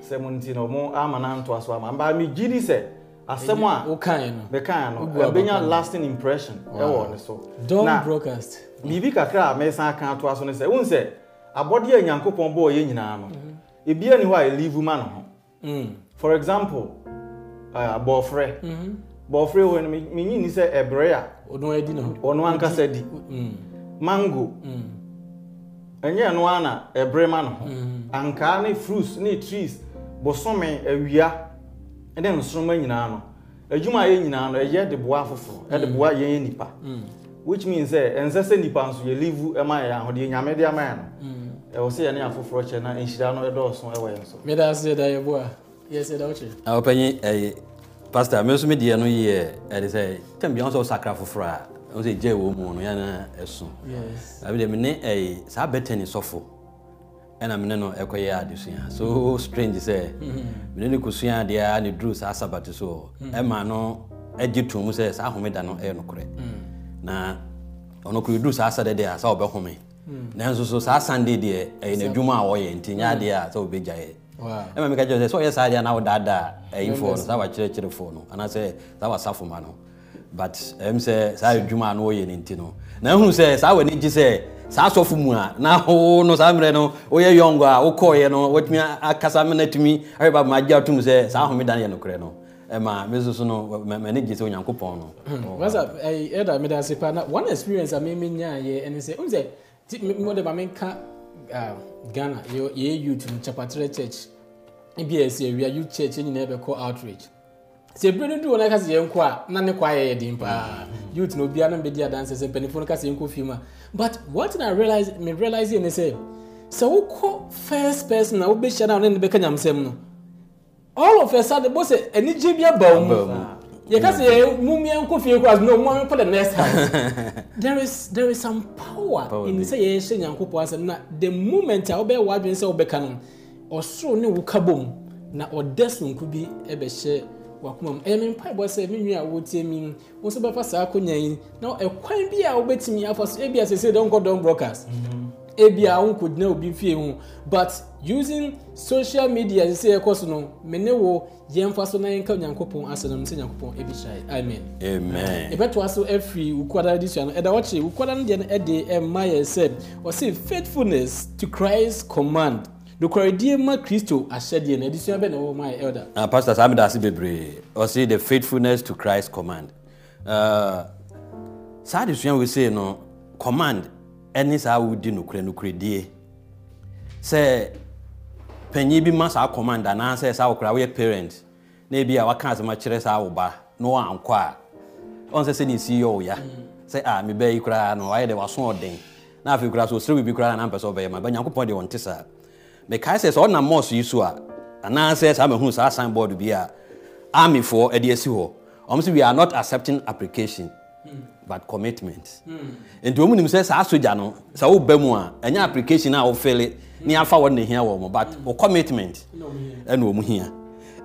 Speaker 4: sɛm nti na wɔn ama na ntoa so ama mbaa mi gyi di sɛ asɛm a bɛkan no ɛbɛnya lasting impression ɛwɔ ne so na biribi kakra a mɛsan aka atoa so no sɛ wọn sɛ abɔdeɛ a nyankopɔn bɔɔ yɛn nyinaa no mhm. ebi ani hɔ a yɛ ma ne ho mm. for example. Ah, abɔɔfrɛ mm-hmm. bɔɔfrɛ wɔ no menyi ni sɛ ɛbrɛ a ɔno ankasa di mm. Mm. mango ɛnyɛ mm. ɛno ara na ɛbrɛ ma no ho mm-hmm. ankaa ne fruits ne trees bosome awia ne nsoroma nyinaa no adwuma a yɛ nyinaa no ɛyɛ de boa foforɔ ɛde e boa yɛn nipa which means sɛ ɛnsɛ sɛ nipa nso yɛ livu ɛma e yɛ ahodeɛ nyame de ama yɛ no ɛwɔ e sɛ yɛne afoforɔ kyɛ na nhyira no ɛdɔɔso ɛwɔ yɛn so.
Speaker 1: meda ase yɛda
Speaker 5: wopɛnyi ɛyɛ eh, pastor me nso medeɛ no yɛ ɛde eh, sɛ tam bia wo sɛ wo sakra foforɔ a wo sɛ gyae wɔ mu no yɛna ɛso abideɛ mene ɛyɛ eh, saa bɛtani sɔfo ɛna mene no ɛkɔyɛ adesua so strange sɛ mm-hmm. mene ne kɔsua adeɛ a ne duru saa sabat so mm-hmm. ɛma no agye tom sɛ saa homeda no ɛyɛ nokorɛ mm. na ɔno koro duru saa sɛde deɛ a sɛ wobɛhome mm. nanso so saa sunday deɛ ɛyɛ n'adwuma a wɔyɛ nti mm. nyɛ adeɛ a sɛ wobɛgyaeɛ ɛma meka kyerɛ sɛ sɛ ɔyɛ saa deɛ na wodaadaa ayifoɔ no saa wakyerɛkyerɛfoɔ no anaasɛ saa wasafoma no but ɛm sɛ saa adwuma a na wɔyɛ no nti no na ahunu sɛ saa w'ani gye sɛ saa asɔfo mu a na wo no saa mmerɛ no woyɛ yɔngo a wokɔɔyɛ no watumi akasa mena tumi ahwɛba ma atom sɛ saa homeda no yɛ nokorɛ no ɛma me so so no m'ani gye sɛ onyankopɔn no
Speaker 1: wasa pa na one experience a memenya ɛne sɛ wohu ghana yɛyɛ youth no chapatrɛ church ebi a ɛsɛ awia youth church nyinaa bɛkɔ outreach sɛ ebire no duro na ɛka sɛ yɛn kɔ a na ne kɔ ayɛ yɛ den paa mm-hmm. youth na obiara no bɛ adanse sɛ mpanyinfoɔ no ka sɛ yɛn kɔ a but what na realize me realize yɛ ne sɛ sɛ wokɔ first person na wobɛhyia na ɔne ne bɛka nyamsɛm no all of a sudden bɔ sɛ anigye bi aba wɔn mu yɛka yɛ mumia fie kɔ as no mumia nkɔ the next house [LAUGHS] there is there is some power in sɛ yɛhyɛ nyankopɔn asɛm na the moment eh, a wobɛyɛ w'adwene sɛ wobɛka no ɔsoro ne wo kaba na ɔda sonko bi ɛbɛhyɛ wakoma mu ɛyɛ me mpaebɔ sɛ me nua a wɔtie mi wo nso bɛfa saa akonnwa yi na ɛkwan bi a wobɛtumi afa so ebi a sɛsɛ dɔnkɔ dɔn broadcast ebia ahun kò gyina obi fie ho but using social media sisi ɛkɔ so no mene wɔ yɛn fa so na yɛn ka nyankopɔn asɛ na sɛ nyankopɔn ebi hyɛ amen.
Speaker 5: amen.
Speaker 1: ebɛtoa so efiri ukwada di sua no ɛda wɔkye ukwada no deɛ no ɛde ɛma yɛ sɛ ɔsi faithfulness to Christ's command nokwaredie ma kristo ahyɛdeɛ na adesua bɛ na ɛwɔ ma yɛ elder.
Speaker 5: ah pastor saa mi da ase bebree ɔsi the faithfulness to Christ's command uh, saa adesua wɔ se no command ɛne ah, saa wodi nokura die. sɛ panyin bi ma saa command anaasɛ saa ɔkora woyɛ parent na ebi a waka asɛm akyerɛ saa ɔba na ɔankɔ a ɔn sɛ sɛdeɛ si yɛ ɔya sɛ a me bɛyi koraa no wayɛ dɛ waso ɔden na afei koraa so osere bibi koraa na anampɛ sɛ ɔbɛyɛ ma bɛ nyankopɔn deɛ ɔnte saa mekae sɛ sɛ ɔnam mɔɔso yi so a anaasɛ saa mahunu saa signboard bi a army foɔ ɛde asi hɔ ɔmo sɛ we are not accepting application but commitment nti wɔn nim sɛ saa soja no sɛ woba mu a ɛnyɛ application a wofele ne afa wɔn ne hia wɔn mo but o commitment ɛna wɔn hia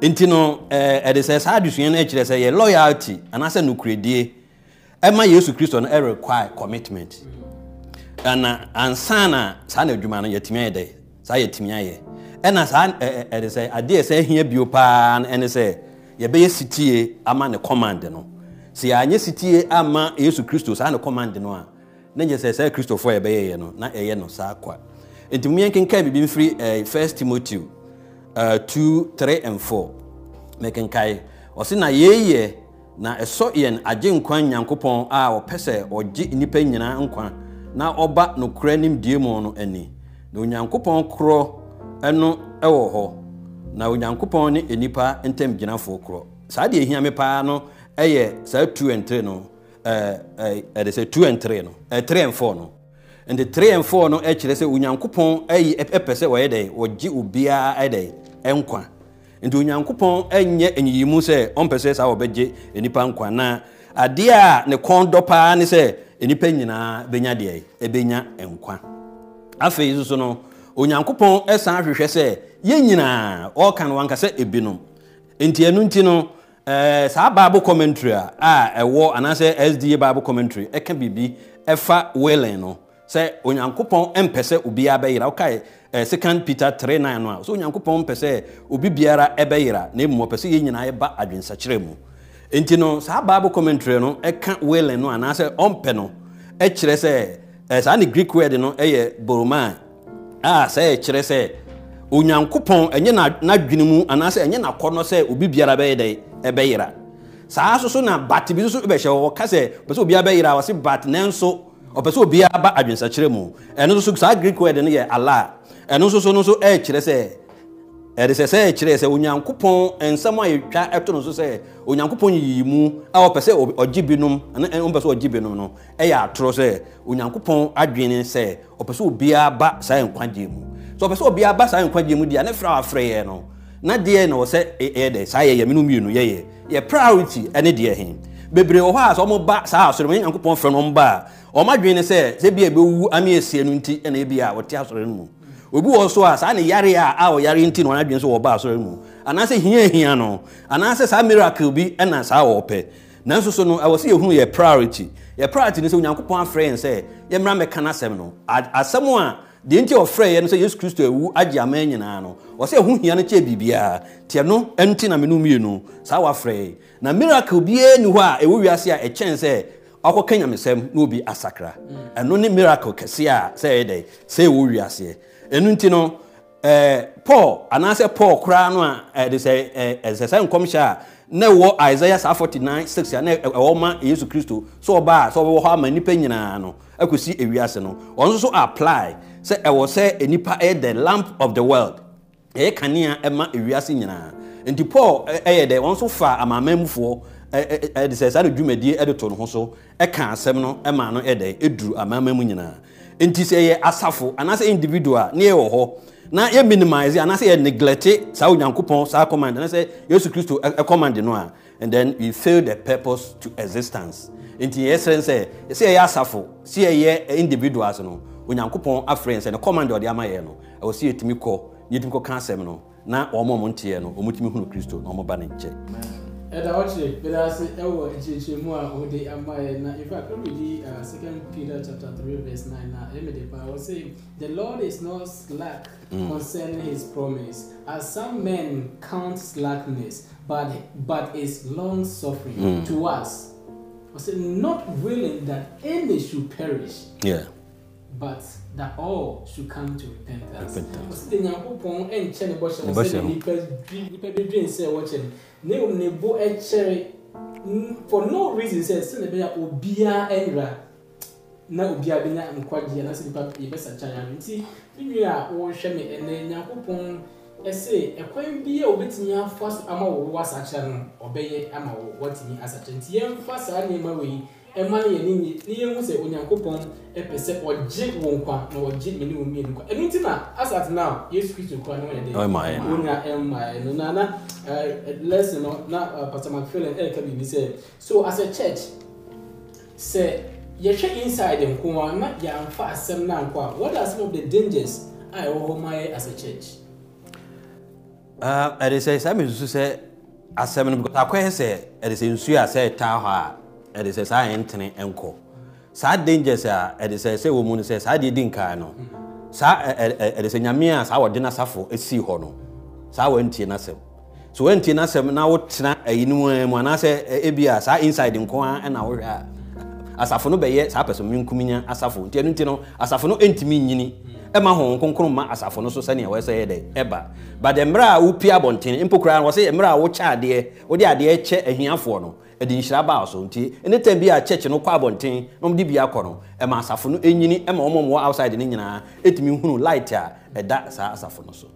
Speaker 5: nti no ɛɛ ɛde sɛ saa adesua no akyerɛ sɛ yɛ loyalty anaasɛ nukuredie ɛma yesu kristo no ɛrequire commitment ɛna ansan na saa na adwuma no yɛtumi ayɛ dɛ saa yɛtumi ayɛ ɛna saa ɛɛ ɛde sɛ adeɛ sɛ ɛhia bio paa ɛne sɛ yɛbɛyɛ sitie ama ne command no. sɛ yɛanyɛ sitie ama yesu kristo saa na command no a na nye sɛ saa kristofoɔ a yɛbɛyɛyɛ no na ɛyɛ no saa kwa nti muyɛn kenkan biribi mfiri 1 eh, timoteo 2 eh, 3 and 4 mɛkenkae ɔse na yɛyɛ na ɛsɔ yɛn agye nkwa nyankopɔn a ɔpɛ sɛ ɔgye nnipa nyinaa nkwa na ɔba nokora nimdie mu no ani na onyankopɔn korɔ ɛno ɛwɔ hɔ na onyankopɔn ne nnipa ntamgyinafoɔ korɔ saa deɛ ɛhia me paa no ɛyɛ saa 23 no ɛde sɛ 23 no 34 no nti 34 no kyerɛ sɛ onyankopɔn pɛ sɛ ɔyɛ dɛn ɔgye obiara ɛdɛn ɛnkwa nti onyankopɔn nyɛ anyiyimu sɛ ɔmpɛ sɛ saa wɔbɛgye nkwa na adeɛ a ne kɔn dɔ paa ne sɛ nnipa nyinaa bɛnya deɛ ɛbɛnya nkwa afei no onyankopɔn sɛ yɛn nyinaa no ebinom nti Eh, saa bible commentary a ɛwɔ anaasɛ sda bible commentary ɛka biribi ɛfa welen no sɛ onyankopɔn mpɛ sɛ obiara bɛyera wokae eh, second peter 39 no a sɛ onyankopɔn mpɛ sɛ obi biara ɛbɛyera na mmom ɔpɛ sɛ yɛn nyinaa ɛba adwensakyerɛ mu ɛnti no saa bible commentary no ɛka welen no anaasɛ ɔmpɛ no ɛkyerɛ sɛ eh, saa ne greek word no ɛyɛ a sɛ ɛkyerɛ sɛ onyankopɔn ɛnyɛ n'adwene mu anaasɛ ɛnyɛ sɛ obi biara bɛyɛ ɛbɛyera saa nso so na bat bi nso bɛhyɛ hɔ wɔka sɛ ɔpɛ sɛ obiara bɛyera bat nanso ɔpɛ sɛ obiara ba adwensakyerɛ mu ɛno nso so saa greek word no yɛ ala ɛno nso so no nso ɛɛkyerɛ sɛ ɛde sɛ sɛ ɛkyerɛ sɛ onyankopɔn nsɛm a yɛtwa ɛto no so sɛ onyankopɔn yiyi mu a ɔpɛ sɛ ɔgye binom ɛne ɔmpɛ sɛ ɔgye binom no ɛyɛ atorɔ sɛ onyankopɔn adwene sɛ ɔpɛ sɛ obiara ba saa nkwagyeɛ mu sɛ ɔpɛ sɛ obiara ba saa nkwagyeɛ mu deɛ ne frɛ a wafrɛ yɛ no na deɛ na wɔ sɛ e, ɛyɛ dɛ saa yɛyɛ menu mmienu yɛyɛ yɛ priority ne deɛ he bebree wɔ hɔ a sɛ ɔmoba saa asɔre mu ɛyɛ nyankopɔn fɛ no ɔmba a ɔmo adwene ne sɛ sɛ bi a ɛbɛwu ame esie no nti ɛna ebi a wɔte asɔre no mu obi wɔ so a saa ne yare a a ɔyare nti na ɔnadwene so wɔba asɔre no mu anaasɛ hia hia no anaasɛ saa miracle bi ɛna saa wɔpɛ nanso so no ɛwɔ sɛ yɛhunu yɛ priority yɛ priority ne sɛ onyankopɔn afrɛ yɛn sɛ yɛmmra mɛka n'asɛm no asɛm a deɛ nti ɔfrɛ yɛ no sɛ yesu kristo awu agye aman nyinaa no ɔsɛ ɛho hia no kyɛ biribiaa tiɛ no ɛnti na meno mmienu saa wafrɛ na miracle biaa ni hɔ a ɛwɔ wiase a ɛkyɛn sɛ ɔkɔka nyamesɛm na obi asakra ɛno ne miracle kɛseɛ a sɛ ɛyɛ dɛ sɛ ɛwɔ wiaseɛ ɛno nti no eh, paul anaasɛ paul koraa no a eh, ɛde sɛ eh, ɛsɛ sɛ nkɔmhyɛ a na ɛwɔ isaiah saa 49 6 a na ɛwɔ ma yesu kristo sɛ ɔbaa sɛ ɔbɛwɔ hɔ ama nnipa nyinaa no akɔsi ewiase no ɔno nso so apply sɛ ɛwɔ sɛ nipa ɛyɛ the lamp of the world ɛyɛ kanea ɛma ewiase nyinaa nti paul ɛyɛ dɛ wɔn nso fa amaamanmufoɔ ɛde sɛ saa de dwumadie ɛde to ne ho so ɛka asɛm no ɛma no ɛdɛ ɛduru amaamanmu nyinaa nti sɛ ɛyɛ asafo anaasɛ individual ne ɛwɔ hɔ na yɛ minimize anaasɛ yɛ neglect saa onyankopɔn saa command anaasɛ yesu kristo ɛcommand no a and then we fail the purpose to existence nti yɛsrɛ sɛ sɛ ɛyɛ asafo sɛ ɛyɛ individuals no onyankopɔn afrɛ sɛ ne command ɔde ama yɛ no ɛwɔ sɛ yɛtumi kɔ yɛtumi kɔ ka asɛm no na wɔn a wɔn teɛ no wɔn tumi hunu kristo na wɔn ba ne nkyɛn.
Speaker 1: ɛda ɔkyerɛ bɛda ase ɛwɔ nkyerɛkyerɛmu a ɔde ama yɛ na in fact ɛwɔ di uh, second peter chapter three verse nine na ɛmɛ de pa ɔsɛ the lord is not slack mm. concerning his promise as some men count slackness but but is long suffering mm. to us ɔsɛ not willing that any should perish. Yeah but that all should come to repentance. Repentance. for no reason sɛ sɛ bɛyɛ obiara ɛnra na obiara bɛnya nkwagyeɛ na sɛ nipa yɛ bɛ sakya yare nti nwi a wɔrehwɛ mi ɛnɛ nyankopɔn ɛsɛ ɛkwan bi a obetumi afa ama wɔ wɔ no ɔbɛyɛ ama wɔ wɔtumi asakya nti yɛn saa nneɛma wɔ yi ɛma no yɛne nye ne yɛhu sɛ onyankopɔn ɛpɛ sɛ ɔgye wo nkwa na ɔgye mene wo mmienu kwa ɛno nti na asat now yesu kristo kora ne wɔyɛ dɛ wonya ɛmmaɛ no na na lesson no na pastor mcfillan ɛreka biribi sɛ so as a church sɛ yɛhwɛ inside nko a na yɛamfa asɛm no ankɔ a what are some of the dangers a ɛwɔ hɔ ma yɛ as a church
Speaker 5: ɛde sɛ saa mesusu sɛ asɛm no because akɔyɛ sɛ ɛde sɛ nsuo a sɛ ɛtaa hɔ a ɛde sɛ saa ɛntene ɛnkɔ saa dangers a ɛde sɛ sɛ wɔ mu no sɛ saa deɛ di nkaa no saa ɛde sɛ nyame a saa wɔde n'asafo esii hɔ no saa wɔntie n'asɛm so wɔntie n'asɛm na wotena ɛyi no mu anaasɛ ebi saa inside nko a ɛna wɔhwɛ a asafo no bɛyɛ saa pɛsɛmɛnkuminya asafo nti ɛno nti no asafo no ntumi nyini ɛma hɔn nkonkron ma asafo no so sɛnea wɔyɛ sɛ yɛ dɛ ɛba but mmerɛ a wopie abɔnten mpokuraa wɔsɛ mmerɛ a wokyɛ adeɛ wode adeɛ kyɛ ahiafoɔ no ɛde nhyira baa so nti ɛne tɛm bi a kyɛkye no kɔ abɔnten na ɔmde bi akɔ no ɛma asafo no ɛnyini ɛma ɔmo mmoa outside no nyinaa ɛtumi hunu light a ɛda saa asafo no so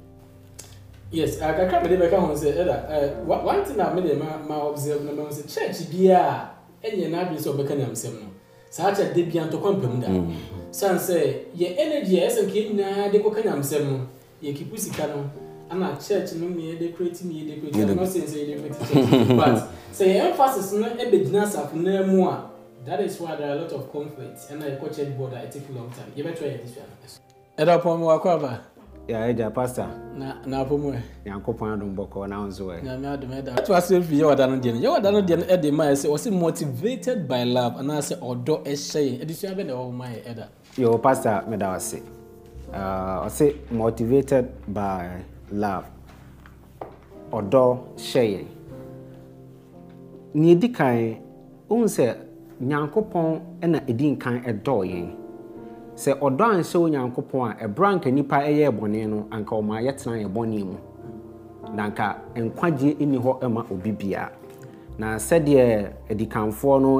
Speaker 1: yes kakra mede bɛka ho sɛ ɛda one thing a mede ma ma observe na mahu sɛ church biaa ɛnyɛ n'adwene sɛ ɔbɛka nyamsɛm no saa kyɛ de bia ntɔkwa mpam da mm. sane sɛ yɛ energy a ɛsɛ nka nyinaa de kɔka nyamsɛm no yɛkipu sika no ana church no mi yɛ decorate mi yɛ decorate i'm not saying say yɛ decorate church but sɛ [LAUGHS] yɛ emphasis no ɛbɛ gyina safunɛ mu a that is why there are a lot of conflict ɛna yɛ kɔ church board a it take long time yɛ bɛ try yɛ this one. ɛdɔ pɔn mu wakɔ aba. yàrá ìjà pásítà. na na apɔmu yɛ. yankun pɔn adum bɔkɔ n'ahun nso yɛ. nyame adum ɛda. ɛtu ase fi yɛ ɔda no deɛ no yɛ ɔda no deɛ no ɛde ma yɛ motivated by love anaasɛ ɔdɔ ɛhyɛ yɛn ɛdisua bɛ na ɛwɔ ma yɛ ɛda.
Speaker 6: yɛ o pásítà mɛda ɔsi ɔsi motivated by love ọdọ hyɛeɛ nea ɛdi kan wohu sɛ nyankopɔn ɛna ɛdi nkan ɛdɔɔ yɛn sɛ ɔdɔ anhyɛ nyankopɔn a ɛberɛ anka nnipa ɛyɛ bɔne no anka ɔma yɛtena yɛ bɔne mu na anka nkwagye nni hɔ ɛma obi biara na sɛdeɛ edikanfoɔ no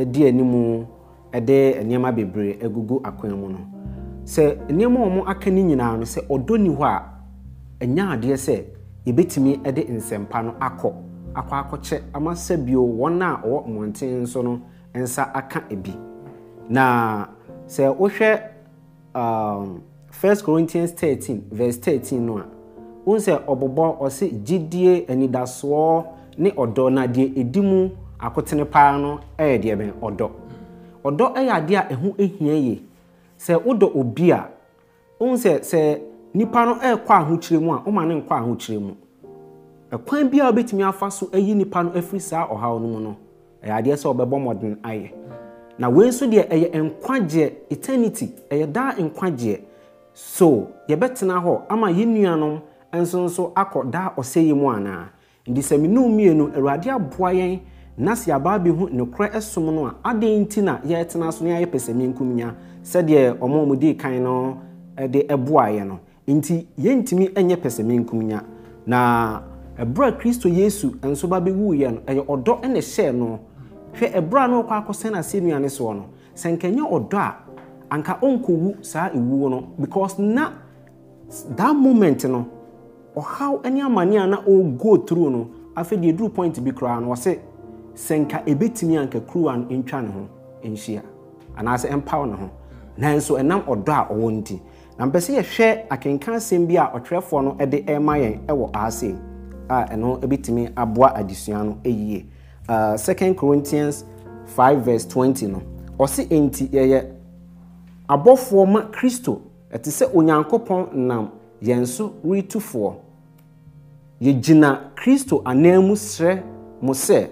Speaker 6: ɛdi animu ɛde nneɛma bebree ɛgugu akwan mu no sɛ nneɛma a wɔn aka no nyinaa no sɛ ɔdɔ nni hɔ a ɛnya adeɛ sɛ yɛbɛtumi de nsɛmpa no akɔ akɔ akɔkyɛ ama sɛ bio wɔn a ɔwɔ mmɔnten so no nsa aka ebi na sɛ wohwɛ um, first corinthians 13 verse 13 no a wohu sɛ ɔbobɔ ɔse gyidie anidasoɔ ne ɔdɔ na deɛ ɛdi mu akotene paa no yɛ deɛ bɛn ɔdɔ ɔdɔ yɛ adeɛ a ɛho hia yie sɛ wodɔ obi a wohu sɛ sɛ nipa no ɛrekɔ ahokyerɛ mu a ɔma ne nkɔ ahokyerɛ mu ɛkwan bi a ɔbɛtumi afa so ɛyi nipa no ɛfiri saa ɔhaw no mu no ɛyɛ adeɛ sɛ ɔbɛbɔ mɔden ayɛ na wei nso deɛ ɛyɛ nkwagyeɛ eternity ɛyɛ daa nkwagyeɛ so yɛbɛtena hɔ ama yɛn nuanom nso nso akɔ daa ɔsɛ yi mu anaa nti sɛ mmienu awurade aboa yɛn na sɛ bi ho nokorɛ som no a adɛn nti na yɛretena so na yɛayɛ pɛsɛmi nkum sɛdeɛ ɔmo a ɔmo kan no de ɛboaeɛ no nti yɛntumi nyɛ pɛsɛmenkum nya na ɛberɛ a kristo yesu nso ba bɛwuiɛ no ɛyɛ ɔdɔ ne hyɛɛ no hwɛ ɛberɛ a na ɔkɔ akɔsɛn asɛnnuane soɔ no sɛ nkɛnyɛ ɔdɔ a anka ɔnkɔwu saa ɛwuo no because na that moment no ɔhaw ne amane a na ɔgo through no afei deɛ duru point bi koraa no wɔse sɛ nka ɛbɛtumi anka kuruwa no ntwa ne ho nhyia anaasɛ ɛmpaw ne ho nanso ɛnam ɔdɔ a ɔwɔ nti na mpɛ sɛ yɛhwɛ akenkan asɛm bi a ɔtwerɛfoɔ no de rema yɛn wɔ ase a ɛno bɛtumi aboa adesua no yie uh, 2 corinthians 5 verse 20 no ɔse enti yɛyɛ abɔfoɔ ma kristo ɛte sɛ onyankopɔn nam yɛn so retufoɔ yɛgyina kristo anan mu srɛ mo sɛ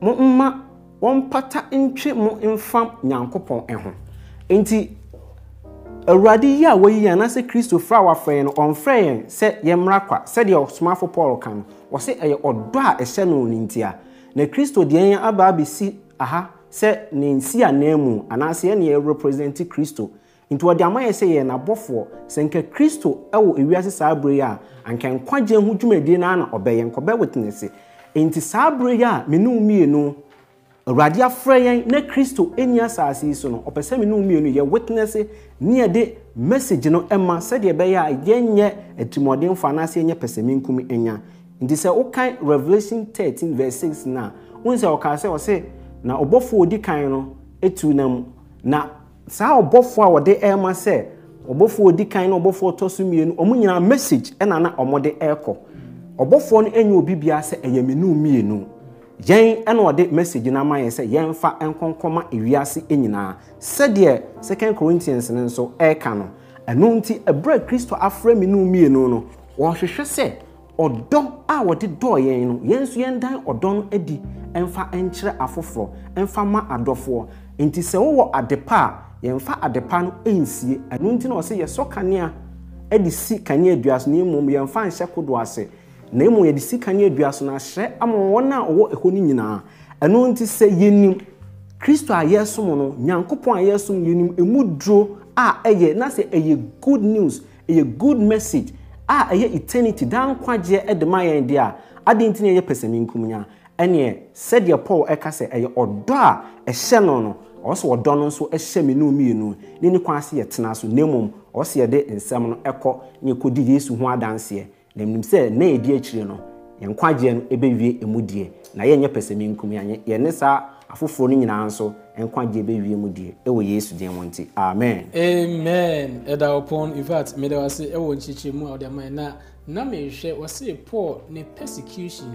Speaker 6: momma wɔmpata ntwe mo mfam nyankopɔn ho enti awurade yi a wɔyi yɛn anaasɛ kristofo a wafrɛ yɛn no ɔmfrɛ yɛn sɛ yɛmmra kwa sɛdeɛ ɔsomafo paul ka no wɔsɛ ɛyɛ ɔdɔ a ɛhyɛ no ne nti a na kristo deɛ yɛn aba abɛsi aha sɛ ne nsi anan mu anaasɛ yɛne yɛ represente kristo nti wɔde ama yɛ sɛ yɛ n'abɔfoɔ sɛ nka kristo wɔ ewiase saa abere yi a anka nkwagye ho dwumadie no ara na ɔbɛyɛ nkɔbɛ witness nti saa abere yi a me ne mmienu awurade afrɛ yɛn na kristo ɛni asase yi so no ɔpɛ mmienu yɛ ne yɛde message no sɛdeɛ ɛbɛyɛ a yɛnyɛ atirimuɔdenfo anaasɛ yɛnyɛ pɛsɛmenkum nya nti sɛ wokan revelation 13 6 no a sɛ ɔkaa na ɔbɔfoɔ ɔdi kan no tu na mu na saa ɔbɔfoɔ a wɔde ɛrema sɛ ɔbɔfoɔ ɔdi kan no ɔbɔfoɔ so mmienu ɔmo nyinaa message ɛna na ɔmode ɛrekɔ ɔbɔfoɔ yɛn ɛna ɔde message no ama yɛn sɛ yɛmfa nkɔnkɔma ewiase nyinaa sɛdeɛ second corinthians no nso ɛreka no ɛno nti ɛberɛ kristo afrɛ mi no mmienu no wɔhwehwɛ sɛ ɔdɔ a wɔde dɔɔ yɛn no yɛn nso yɛn dan ɔdɔ no adi ɛmfa nkyerɛ afoforɔ ɛmfa ma adɔfoɔ nti sɛ wowɔ adepa a yɛmfa adepa no nsie ɛno nti na ɔsɛ yɛsɔ kanea de si kanea dua so na mmom yɛmfa nhyɛ kodoɔ ase na mmom yɛde sika ne adua so na ahyerɛ ama wɔn a wɔwɔ ɛhɔ no nyinaa ɛno nti sɛ yɛnim kristo a yɛsom no nyankopɔn a yɛsom yɛnim ɛmu duro a ɛyɛ na sɛ ɛyɛ good news ɛyɛ good message a ɛyɛ eternity daa nkwagyeɛ ɛde ma yɛn deɛ a adeɛ nti na ɛyɛ pɛsɛmi nkumnya ɛneɛ sɛdeɛ paul ɛka sɛ ɛyɛ ɔdɔ a ɛhyɛ no no ɔsɛ ɔdɔ no nso ɛhyɛ me no mmienu ne ne kwan ase yɛtena so na mmom ɔwɔ yɛde nsɛm no ɛkɔ ne yɛkɔdi yesu ho adanseɛ na nim sɛ na edi akyire no yɛn no ɛbɛwie emu deɛ na yɛn nyɛ pɛsɛmi nkum yɛn yɛn saa afoforɔ no nyinaa nso nkwagyeɛ bɛwie mu deɛ ɛwɔ yesu deɛ wɔn ti amen.
Speaker 1: amen ɛda ɔpɔn in fact mmeda wase ɛwɔ nkyekyere mu a ɔde ama na na mehwɛ wɔse paul ne persecution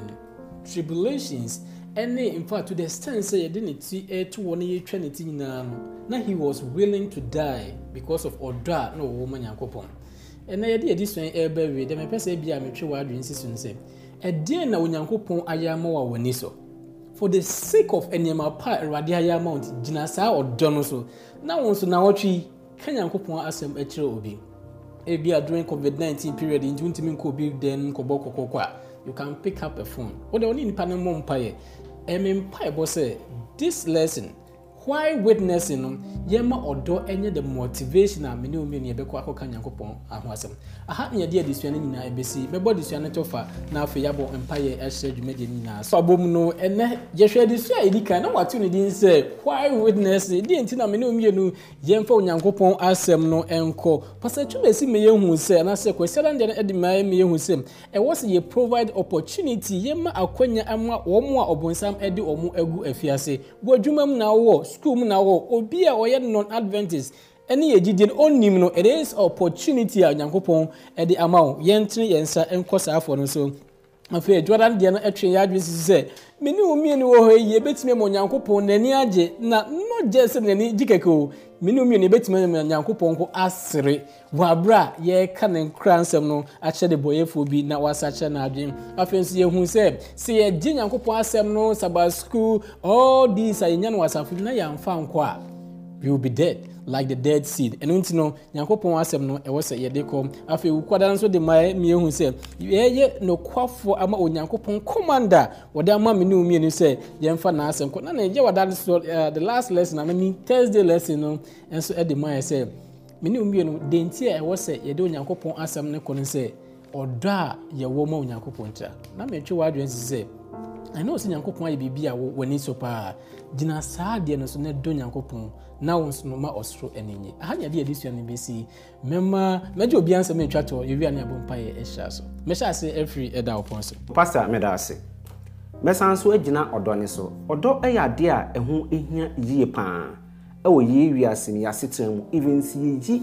Speaker 1: tribulations ɛne in to the extent sɛ yɛde ne ti ɛto wɔ ne yɛtwa ne ti nyinaa no na he was willing to die because of ɔdɔ a na ɔwɔ ma nyankopɔn ɛnɛ yɛde yɛde sɔn ɛreba wie dɛm ɛpɛ sɛ ebi a metwe w'adwene si so no sɛ ɛdeɛn na onyankopɔn ayɛ ama wɔ wɔ ni so for the sake of nneɛma pa awurade ayɛ ama wɔn gyina saa ɔdɔ no so na wɔn nso na wɔtwe yi ka nyankopɔn asɛm akyerɛ obi ebi a during covid nineteen period nti ntumi nkɔ obi dan nkɔbɔ kɔkɔkɔ a you can pick up a phone wɔde wɔn ne nipa no mmɔ mpa ɛmɛ mpa ɛbɔ sɛ this lesson why witnessing no yɛma ɔdɔ nyɛ the motivation a mene omi ne yɛbɛkɔ akɔka nyankopɔn aho asɛm aha ne yɛde adesua no nyinaa ɛbɛsi bɛbɔ adesua no tofa na afei yɛabɔ mpayɛ ɛhyɛ dwumadie no nyinaa so abom no ɛnɛ yɛhwɛ adesua a ɛdi kan na wato ne din sɛ why witnessing deɛ nti na mene omi no yɛmfa onyankopɔn asɛm no ɛnkɔ pasɛ twuma si me yɛhu sɛ anaasɛ kwasiada no deɛ no ɛde ma me yɛhu sɛ ɛwɔ sɛ yɛ provide opportunity yɛma akwanya ama wɔn a ɔbonsam de wɔn agu afiase wɔ adwuma mu na wɔ school mu na wɔ obi a ɔyɛ non adventist ɛne yɛ gyidie no ɔnim no it is opportunity a nyankopɔn ɛde ama wo yɛntene yɛn nsa nkɔ saa afɔ no so afei jordan deɛ no atwe yɛ adwene sisi sɛ mene wo mmienu wɔ hɔ yi yɛbɛtumi ama onyankopɔn n'ani agye na no gye sɛ n'ani gye kɛkɛ o mene wo mmienu yɛbɛtumi ama onyankopɔn nko asere wɔ abere a yɛreka ne nkora nsɛm no akyerɛ de bɔyɛfoɔ bi na wasa akyerɛ n'adwene afei nso yɛhu sɛ sɛ yɛgye nyankopɔn asɛm no saba school all these a yɛnya no wɔ asafo na yɛamfa nkɔ a we will be dead like the dead seed ɛno nti no nyankopɔn asɛm no ɛwɔ sɛ yɛde kɔ afei wokwada nso de ma mmiɛhu sɛ yɛyɛ nokwafoɔ ama onyankopɔn commander wɔde ama me ne wo mmienu sɛ yɛmfa n'asɛm kɔ na na yɛgye wada so uh, the last lesson ana me thursday lesson no nso ɛde ma yɛ sɛ me ne wo mmienu denti a ɛwɔ sɛ yɛde onyankopɔn asɛm no kɔ no sɛ ɔdɔ a yɛwɔ ma onyankopɔn kyerɛ na metwe w'adwene si sɛ ɛno sɛ nyankopɔn ayɛ biribi a w'ani so paa gyina saa adeɛ no so na ɛdɔ nyankopɔn na wo nso no ma ɔsoro ani nye aha nyɛ deɛ yɛde sua no bɛsi mɛma mɛgye obi ansɛm atwa tɔ yɛwia ne abɔ mpaeɛ ɛhyɛ so mɛhyɛ ase afiri ɛda
Speaker 6: wɔpɔn so pasta meda ase mɛsan nso agyina ɔdɔ ne so ɔdɔ e yɛ adeɛ a ɛho e e hia yie paa ɛwɔ yie wiase ne yɛasetena mu even sɛ yɛyi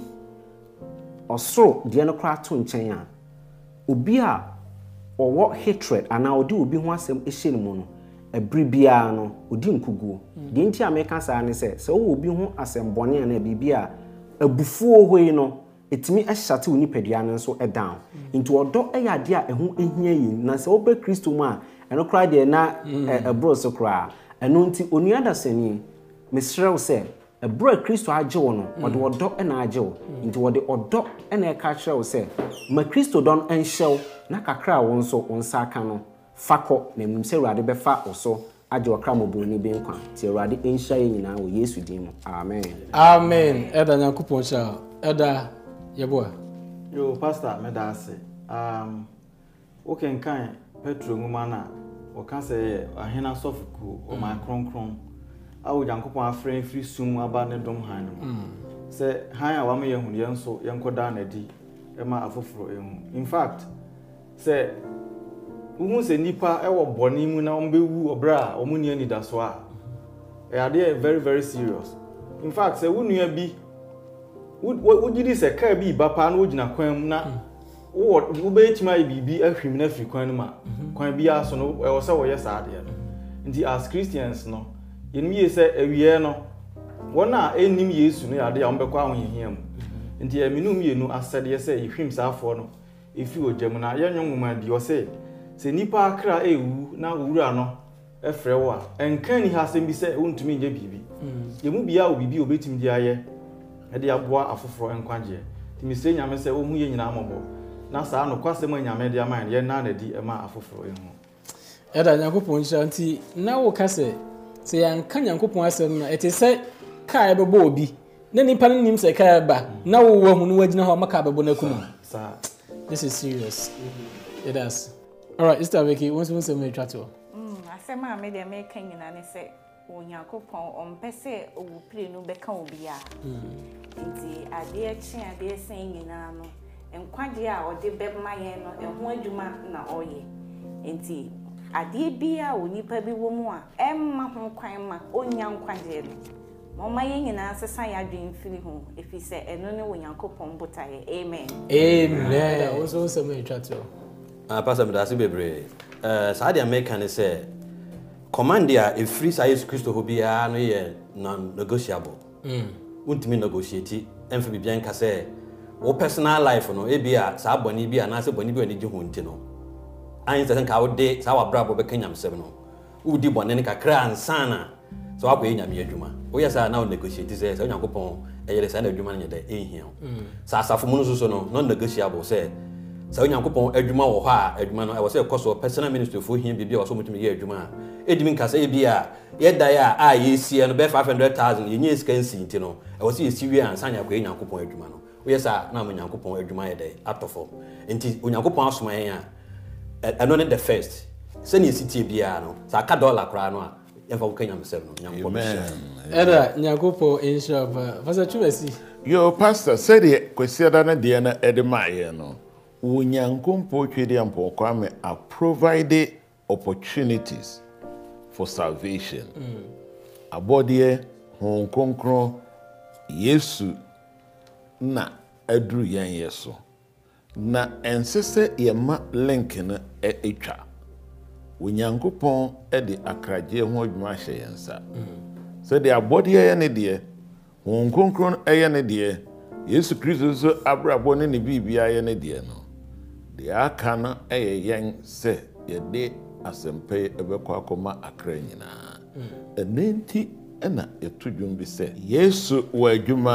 Speaker 6: ɔsoro deɛ no koraa to nkyɛn a obi a ɔwɔ hatred anaa ɔde obi ho asɛm hyɛ no mu no ɛbere biara no ɔdi nkuguo mm. deɛ nti a meka saa ne sɛ sɛ wowɔ bi ho asɛmbɔne anaa biribi a abufuo hɔ yi no ɛtumi ɛhyate wo nipadua no nso ɛdan mm. nti ɔdɔ ɛyɛ adeɛ a ɛho ɛhia yi na sɛ wobɛ kristo mu a ɛno koraa deɛ na mm. ɛboro so koraa ɛno nti onua dasani mesrɛ sɛ ɛboro a kristo agye wo no ɔde ɔdɔ ɛna agye wo nti wɔde ɔdɔ ɛna ɛka kyerɛ sɛ ma kristo dɔ no ɛnhyɛw na kakra a wo nso wo nsa aka no fa na mmom sɛ awurade bɛfa wo so agye ɔkra mmɔborɔni bi nkwa nti awurade ɛnhyira yɛ nyinaa wɔ yesu din mu amen
Speaker 1: amen ɛda nyankopɔn hyɛ a ɛda yɛboa yo
Speaker 4: pastor mɛda ase um, wokenkan petro nwoma no a wɔka sɛ ahena sɔfokuo ɔman mm. kronkron a onyankopɔn afrɛ firi sum aba ne dom han no mu mm. sɛ han a wama yɛhunu yɛn nso yɛnkɔdaa n'adi ma afoforɔ ɛhu fact sɛ wohu sɛ nnipa wɔ bɔne mu na wɔmbɛwu ɔberɛ a wɔn nua so a ɛyɛ adeɛ very very serious in fact sɛ wo nua bi wogye di sɛ kaa bi ba paa na kwan mu na wobɛtumi ayɛ biribi ahwim afiri kwan no mu a kwan bi no ɛwɔ sɛ wɔyɛ saa adeɛ nti as christians no yie sɛ no wɔn a yesu no yɛ adeɛ a mu nti mmienu asɛdeɛ sɛ no mu na yɛnwe nwoma deɛ sɛ nnipa akra ewu na owura no ɛfrɛ wo a ɛnka ni ha asɛm bi sɛ wontumi nyɛ biribi mm. yɛmu biaa wɔ biribi wobɛtumi de ayɛ ɛde aboa afoforɔ nkwagyeɛ nti mesrɛ nyame sɛ wohu yɛ nyinaa mmɔbɔ na saa nokwasɛm a nyame de ama yɛna nadi ma
Speaker 1: afoforɔ ɛhu ɛda nyankopɔn nhyira nti na woka sɛ sɛ yɛanka nyankopɔn asɛm no ɛte sɛ kaa ɛbɛbɔ obi na nipa no nim sɛ kaa ɛba na wowɔ hu no wagyina hɔ ama kaa bɛbɔ no akum no this is serious mm-hmm. it does all right sister Becky once once mm, me twa
Speaker 2: a nyina ne onyankopɔn ɔmpɛ sɛ no bɛka nti adeɛ kye adeɛ sɛn nyinaa no a ɔde bɛma yɛn no ɛho adwuma na ɔyɛ nti adeɛ a onipa bi wɔ mu a ɛmma ho kwan ma ɔnya no yɛn nyinaa sesa yɛ adwene mfiri ho ɛfiri sɛ ɛno ne onyankopɔn botaeɛ amen
Speaker 5: amen
Speaker 1: wosɛ wosɛm
Speaker 5: Ah, pastor medase bebree saa deɛ meka ne sɛ command a ɛfiri saa yesu kristo hɔ biara no yɛ non-negotiable hmm. wontumi negotiate ɛmfa biribia nka sɛ wo personal life no ebi eh, a saa bɔne bi anaasɛ bɔne bi a ne gye ho no anyɛ ah, sɛ nka wode saa wabrabɔ bɛka nyamsɛm no wodi bɔne eh, eh, no kakra hmm. ansa na sɛ woakɔyɛ nyame adwuma woyɛ saa na wo negotiate sɛ sɛ onyankopɔn ɛyɛde saa na adwuma no nyɛ dɛ ɛnhia saa asafo mu no nso no non negotiable sɛ sɛ onyankopɔn adwuma wɔ hɔ a adwuma no ɛwɔ sɛ ɛkɔ soɔ personal ministry fo hia biribi a wɔsɛ wɔmutumi yɛ adwuma a ɛdimi nka sɛ ebi a yɛdaeɛ a a yɛsiɛ no bɛɛ five hundred thousand yɛnyɛ sika nsi nti no ɛwɔ sɛ yɛsi wie ansa nyakɔyɛ nyankopɔn adwuma no woyɛ saa na ama nyankopɔn adwuma yɛ dɛ atɔ fam nti onyankopɔn asoma yɛn a ɛno ne the first sɛnea yɛsi tie biara no sɛ aka dɔla koraa no a yɛmfa woka nyamesɛm no nyankopɔn
Speaker 1: ɛda nyankopɔn nhyira ba
Speaker 3: fasa twumasi yo pastor sɛdeɛ kwasiada no deɛ no ɛde maayɛ no Unyankumpo Chiriampo Kwame are provided opportunities for salvation. Mm. Abodie Hong Kong Yesu na aduru yɛn yɛ so. Na ɛnsɛ sɛ yɛma link no atwa. Onyankopɔn de akragyeɛ ho adwuma ahyɛ yɛn nsa. Mm. Sɛdeɛ abɔdeɛ yɛ ne deɛ, Honhom Kronkron yɛ ne deɛ, Yesu Kristo nso abrabɔ ne ne biribia yɛ ne deɛ no. deɛ aka no yɛ yɛn sɛ yɛde asɛmpa yi bɛkɔ akɔma akra nyinaa mm. ɛno nti na yɛto dwom bi sɛ yesu wɔ adwuma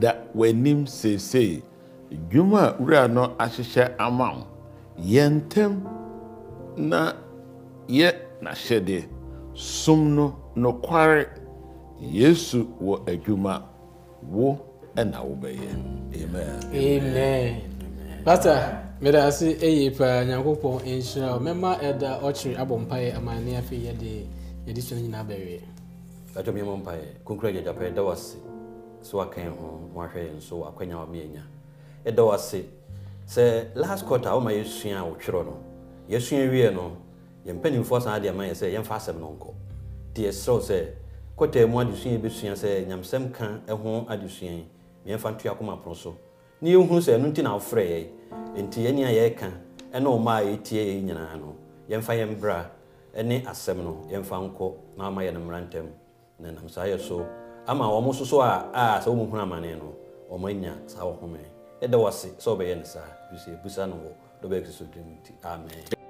Speaker 3: da w'anim seesei dwuma a wura no ahyehyɛ ama wo yɛn ntam na yɛ n'ahyɛdeɛ som no nokware yesu wɔ adwuma wo ɛna wobɛyɛ amen
Speaker 1: amen pastor mede ase ɛyɛ paa nyankopɔn nhyira wo mɛma ɛda ɔkyere abɔ mpaeɛ amane afei yɛde yɛde sua no nyinaa bɛwie
Speaker 5: atwamiɛmɔ mpaeɛ konkura gyagyapɛ ɛda wo sɛ wakan ho yɛ nso akwanya wa meɛnya ɛda wo sɛ last quarter woma yɛsua a wotwerɛ no yɛsua wie no yɛmpanimfoɔ san adeɛ ma yɛ sɛ yɛmfa asɛm no nkɔ nti yɛserɛw sɛ mu adesua sɛ nyamsɛm ka ho adesua yi meɛmfa ntoa koma pono so sɛ ɛno nti na nti yɛn a yɛreka ɛna wɔn a yɛtie yɛn nyinaa no yɛmfa yɛn bra ne asɛm no yɛmfa nkɔ na ama yɛn mmara ntɛm na nam saa yɛ so ama wɔn nso so a a sɛ wɔn hunu amane no wɔn anya saa wɔn home yɛda wɔ ase sɛ wɔbɛyɛ no saa ebusa no wɔ dɔbɛ kristu dwom ti amen.